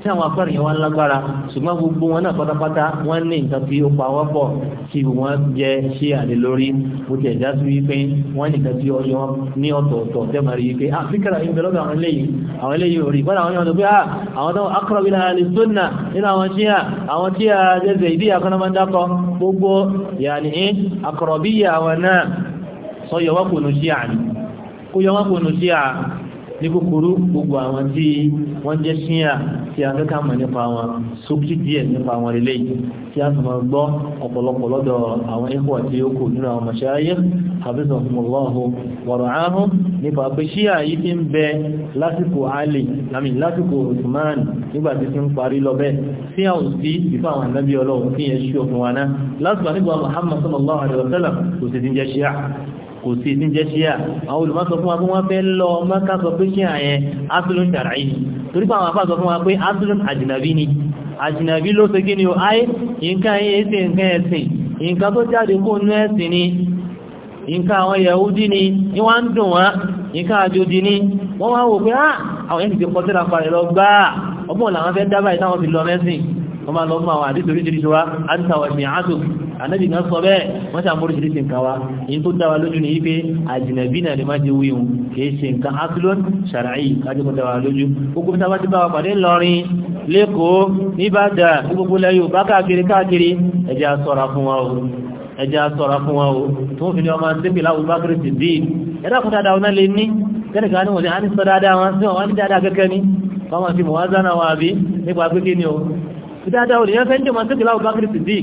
tí àwọn afárá yẹn wá lágbára ṣùgbọ́n gbogbo wọn náà pátápátá wọ́n ní nǹkan tí ó pawọ́ pọ̀ tí wọ́n jẹ́ ṣé àlè lórí bó ti ẹ̀dá sí wípé wọ́n nìkan tí ó yọ ní ọ̀tọ̀ọ̀tọ̀ tẹ́mà rí wípé àfikàrà ah, ìbẹ̀ lọ́gbà àwọn eléyìí àwọn eléyìí ò rí kọ́dà àwọn yọ̀dọ̀ pé à ah, àwọn tó akọ̀rọ̀ bí láàrín sunna nínú àwọn tí à àwọn tí à jẹ́jẹ́ ìdí àkọ́nà máa ń dákọ gbogbo yàní akọ̀rọ̀ bí àwọn ní kúkúrú gbogbo àwọn tí wọ́n jẹ́ ṣíyà tí a kẹ́kà mọ̀ nípa wọn sókí díẹ̀ nípa wọn lè léyìí tí a sì máa gbọ́ ọ̀pọ̀lọpọ̀ lọ́dọ̀ àwọn ikọ̀ tí ó kù nínú àwọn mọ̀ṣáyé àbísọ̀fúnmọ̀lọ́hù wọ̀rọ̀ áhùn nípa pé ṣíyà yìí ti ń bẹ lásìkò Ali lámì lásìkò Usman nígbà tí ti ń parí lọ bẹ́ẹ̀ tí a ò sí ìfà àwọn ànábí ọlọ́run fi yẹn ṣí òfin wa náà lásìkò nígbà Muhammad sallallahu alaihi wasallam kò sì ti jẹ́ ṣíyà kò sí ní jẹ́ ṣíà àwọn olùmọ́sọ fún wa pé wọ́n fẹ́ lọ mọ́ká sọ pé ṣíà yẹn asulun ṣàràí torí pé àwọn afáàsọ fún wa pé asulun àjìnàbí ni àjìnàbí ló ṣe kí ni ó ayé nǹkan yẹn ṣe nǹkan ẹ̀sìn nǹkan tó jáde kó nú ẹ̀sìn ni nǹkan àwọn yahudi ni ní wọ́n ń dùn wọ́n nǹkan àjòjì ni wọ́n wá wò pé á ah, àwọn ẹni tí kọ́ síra parẹ̀ lọ gbá ọgbọ́n làwọn fẹ́ dábàá ìtàwọn fi lọ mẹ́sìn wọ́n máa lọ mú àwọn àdìsí oríṣiríṣi wa ìsìn àtò ànábì kan sọ bẹ́ẹ̀ wọ́n sàmú oríṣiríṣi nǹkan wa èyí tó dá wa lójú ni wípé àjìnàbí náà lè má ti wíhun kìí ṣe nǹkan aslon ṣàràyí kájọ́kọ́ dá wa lójú gbogbo tí a bá ti bá wa pàdé lọrin lẹ́kọ̀ọ́ níbàdà gbogbo lẹ́yìn ò bá káàkiri káàkiri ẹ̀jẹ̀ aṣọ́ra fún wa o ẹjá sọ́ra fún wọn o tó ń fi ní ọmọ sípì láwùbákiri ti dì í ẹ̀dá fún dáadáa ọ̀nà lè ní kẹ́nìkan ní wọ́n ti àníṣọ́ dáadáa wọn sí wọn ní dáadáa kẹ́kẹ́ ní wọ́n ti mọ̀ wá zánà wọn àbí nípa pé kí ni o dáadáa olùyẹ́fẹ́ ń jẹ́ mọ̀ sípì láwùbákiri ti dì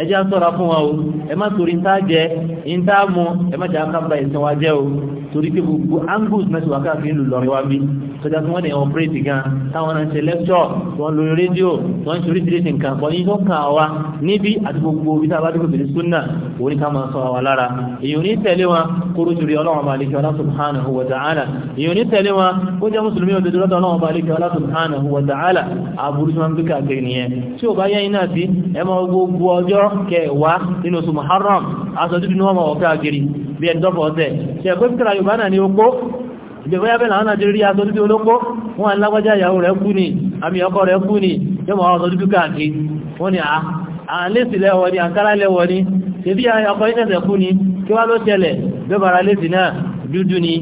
ẹjẹ́ á sọ́ra fún wa o ẹ má torí ń tá jẹ ń tá mú ẹ má jẹ́ àkábà ìsìn wa jẹ́ o torí pé gbogbo angus mẹ́sàn wákà fi ń lù lọ́rin wá bí sọjá tí wọ́n lè ọ̀pẹ́rẹ́tì gan táwọn náà ṣe lẹ́kṣọ̀ wọ́n lórí rédíò wọ́n ń ṣorí tìrìtì nǹkan kan yìí tó kàn wá níbi àti gbogbo ibi tá a bá dúró bèrè súnà òun ká máa sọ wa lára èyàn ní tẹ̀lé wọn kóró jùlọ ọlọ́run bá lékè ọlá subhanahu wa ta'ala èyàn ní tẹ̀lé wọn kó jẹ́ mùsùlùmí òdodo lọ́dọ̀ ọlọ́run bá lékè ọlá subhanahu wa ta'ala aburú tí wọ́n ń gbé káàkiri nìyẹn tí ò bá yẹ iná sí ẹ máa gbogbo ọjọ́ kẹwàá nínú oṣù Muharram aṣọ dúdú ní wọ́n mọ̀ ọ̀fẹ́ àgìrì bí ẹni tọ́fọ̀ ọ̀tẹ̀ ṣe ẹ̀kọ́ ìpìtàrà Yorùbá náà ní opó ìgbẹ̀fẹ́ yàbẹ̀ làwọn Nàìjíríà aṣọ dúdú olóko wọn alágbájá ìyàwó rẹ̀ kú ni àmì ọkọ rẹ̀ kú ni yọmọ aṣọ dúdú káàkiri wọn ni àlẹ́sì lẹ́wọ̀ ni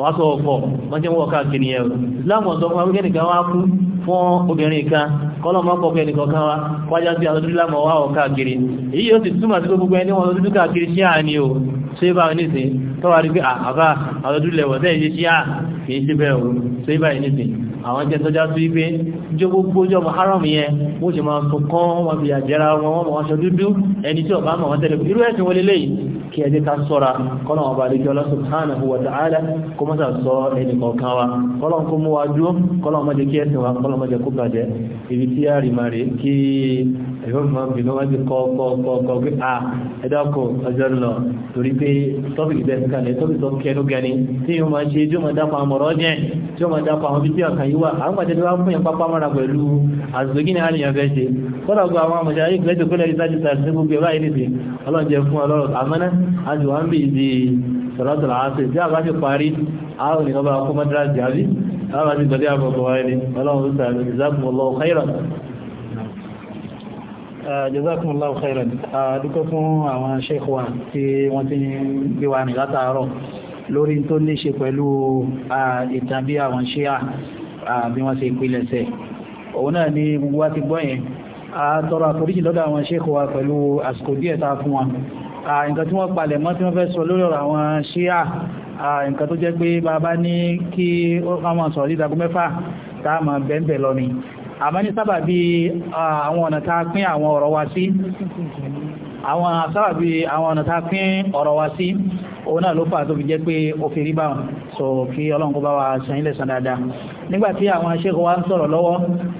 wọ́n sọ ọ̀pọ̀ wọ́n jẹ́ wọ́n káàkiri ẹ̀ islam ọ̀sọ́ fún akẹ́kẹ́ nìkan wá kú fún obìnrin kan kọ́lọ̀ mọ́ pọ̀kẹ́ nìkan kan wá wájá sí àwọn islam wá ọ̀ káàkiri èyí yóò sì túmọ̀ sí gbogbo ẹni wọn lójú káàkiri sí àní o ṣé bá wọn nìsín tọ́wà rí pé àbá àwọn ojú lẹ̀wọ̀ sẹ́yìn ṣe sí à kì í ṣe bẹ́ẹ̀ o ṣé bá yìí nìsín àwọn jẹ́ tọ́já sí pé jọ gbogbo jọ maharam yẹn ó ṣe máa sọ kán wọn fi àjẹra wọn wọn mọ̀ wọn ṣe dúdú ẹni tí ọba mọ̀ wọn tẹ́lẹ̀ irú ẹ̀sìn wọlé lẹ́yìn kí ẹni ká sọ́ra kọ́lọ̀ ọba àdíjọ́ lọ́sọ̀ tánà huwa ta'ala kó mọ́ta sọ ẹni kọ̀ọ̀kan wa kọ́lọ̀ kó mú wa dúró kọ́lọ̀ mọ́jẹ kí ẹsẹ̀ wa kọ́lọ̀ mọ́jẹ kó bàjẹ́ ibi tí a rí máa rí kí ẹ̀yọ́ mọ́ bí lọ́wọ́ ti kọ́ kọ́ kọ́ kọ́ pé à ẹ̀dọ́kọ̀ ọjọ́ ń lọ torí pé tọ́pìkì bẹ́ẹ̀ fún kalẹ̀ tọ́pìkì tó ń kẹnu gani tí yóò máa ṣe tí yóò máa dápọ̀ àwọn ọ̀rọ̀ jẹ́ tí yóò máa dápọ̀ àwọn bíbí ọ̀kan yíwá àwọn pàtẹ́ tí wọ́n fún yẹn pápá mọ́ra pẹ̀lú àzògí ní àlìyàn fẹ́ ṣe kọ́dọ̀ gbọ́ àwọn àmọ̀ṣẹ́ ayé ìgbẹ́jọ pẹ́lẹ̀ ìsájú sàrẹ̀ sí gbogbo ẹ̀rọ àyẹ́nìsì ọlọ́run jẹ fún ọlọ́run àmọ́ná a sì wọ́n bí ìdí sọ̀rọ̀sọ̀rọ̀ jazakumullahu khairan dúpẹ́ fún àwọn sheikh wa tí wọ́n ti gbé wa ní látàárọ̀ lórí tó ní ṣe pẹ̀lú ìtàn bí àwọn ṣíà bí wọ́n ṣe ìpìlẹ̀ sẹ̀ òun náà ni gbogbo wa ti gbọ́ a tọrọ àforíjì lọ́dọ̀ àwọn sheikh wa pẹ̀lú àsìkò díẹ̀ tá fún wọn nǹkan tí wọ́n palẹ̀ mọ́ tí wọ́n fẹ́ sọ lórí ọ̀rọ̀ àwọn ṣíà nǹkan tó jẹ́ pé bàbá ní kí wọ́n máa sọ̀rọ̀ dídàgún mẹ́fà tá a máa bẹ́ẹ̀ bẹ́ẹ̀ ni àmọ́ ní sábà bí àwọn ọ̀nà ta pín àwọn ọ̀rọ̀ wa sí àwọn sábà bí àwọn ọ̀nà ta pín ọ̀rọ̀ wa sí òun náà ló fà tó fi jẹ́ pé ó fi rí báwọn so kí ọlọ́run kó bá wa sẹ́yìn lẹ́sàn nígbàtí àwọn ṣékọ̀ wa ń sọ̀rọ̀ lọ́wọ́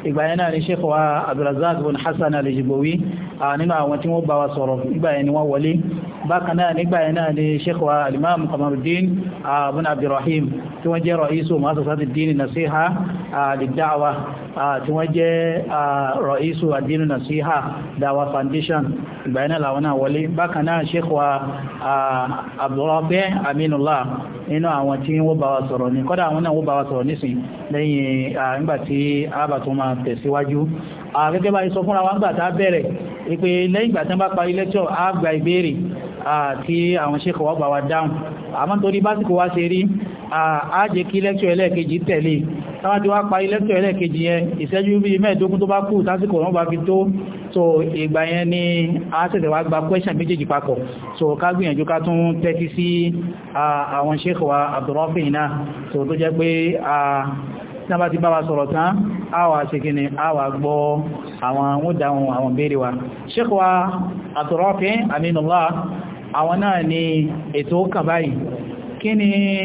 ìgbà yẹn náà ni ṣékọ̀ wa abdulrazak bin hassan alijibowi nínú àwọn tí wọ́n bá wa sọ̀rọ̀ nígbà yẹn ni wọ́n wọlé bákan náà nígbà yẹn náà ni ṣékọ̀ wa alimam kamaruddin bin abdulrahim tí wọ́n jẹ́ rọ̀ísù masasati dini nasiha lidawa tí wọ́n jẹ́ rọ̀ísù adini nasiha dawa foundation ìgbà yẹn náà làwọn náà wọlé bákan náà ṣékọ̀ wa abdulrahim aminullah nínú àwọn tí wọ́n bá wa sọ̀rọ̀ ní kọ́dà àwọn náà wọ́n bá wa sọ̀rọ̀ nísìn lẹ́yìn àgbàtí àbà tó máa tẹ̀síwájú gẹ́gẹ́ bá sọ fúnra wa gbà tá bẹ̀rẹ̀ pé lẹ́yìn gbà tán bá parí lẹ́tọ̀ àgbà ìbéèrè àti àwọn ṣẹ́kọ̀ wọ́gbà wa dáhùn àmọ́ torí básìkò wá ṣe rí àájẹ́ kí lẹ́tọ̀ ẹlẹ́ẹ̀kejì tẹ̀lé táwájú wá parí lẹ́tọ̀ ẹlẹ́ẹ̀kejì yẹn ìṣẹ́jú bí mẹ́ẹ̀dógún tó bá kù tásìkò wọn bá fi tó so ìgbà yẹn ni a ṣẹ̀ṣẹ̀ wá gba kwẹ́ṣàn méjèèjì papọ̀ so ká gbìyànjú ká tún tẹ́tí sí àwọn ṣẹ́kọ̀ wa náà so tó jẹ́ pé tí wọ́n bá ti bá wa sọ̀rọ̀ tán àwà ṣekínni àwà gbọ́ àwọn múdàun àwọn béèrè wa Sheikh wa Abdurrafi àwọn náà ni ètò kàbáyì kí ni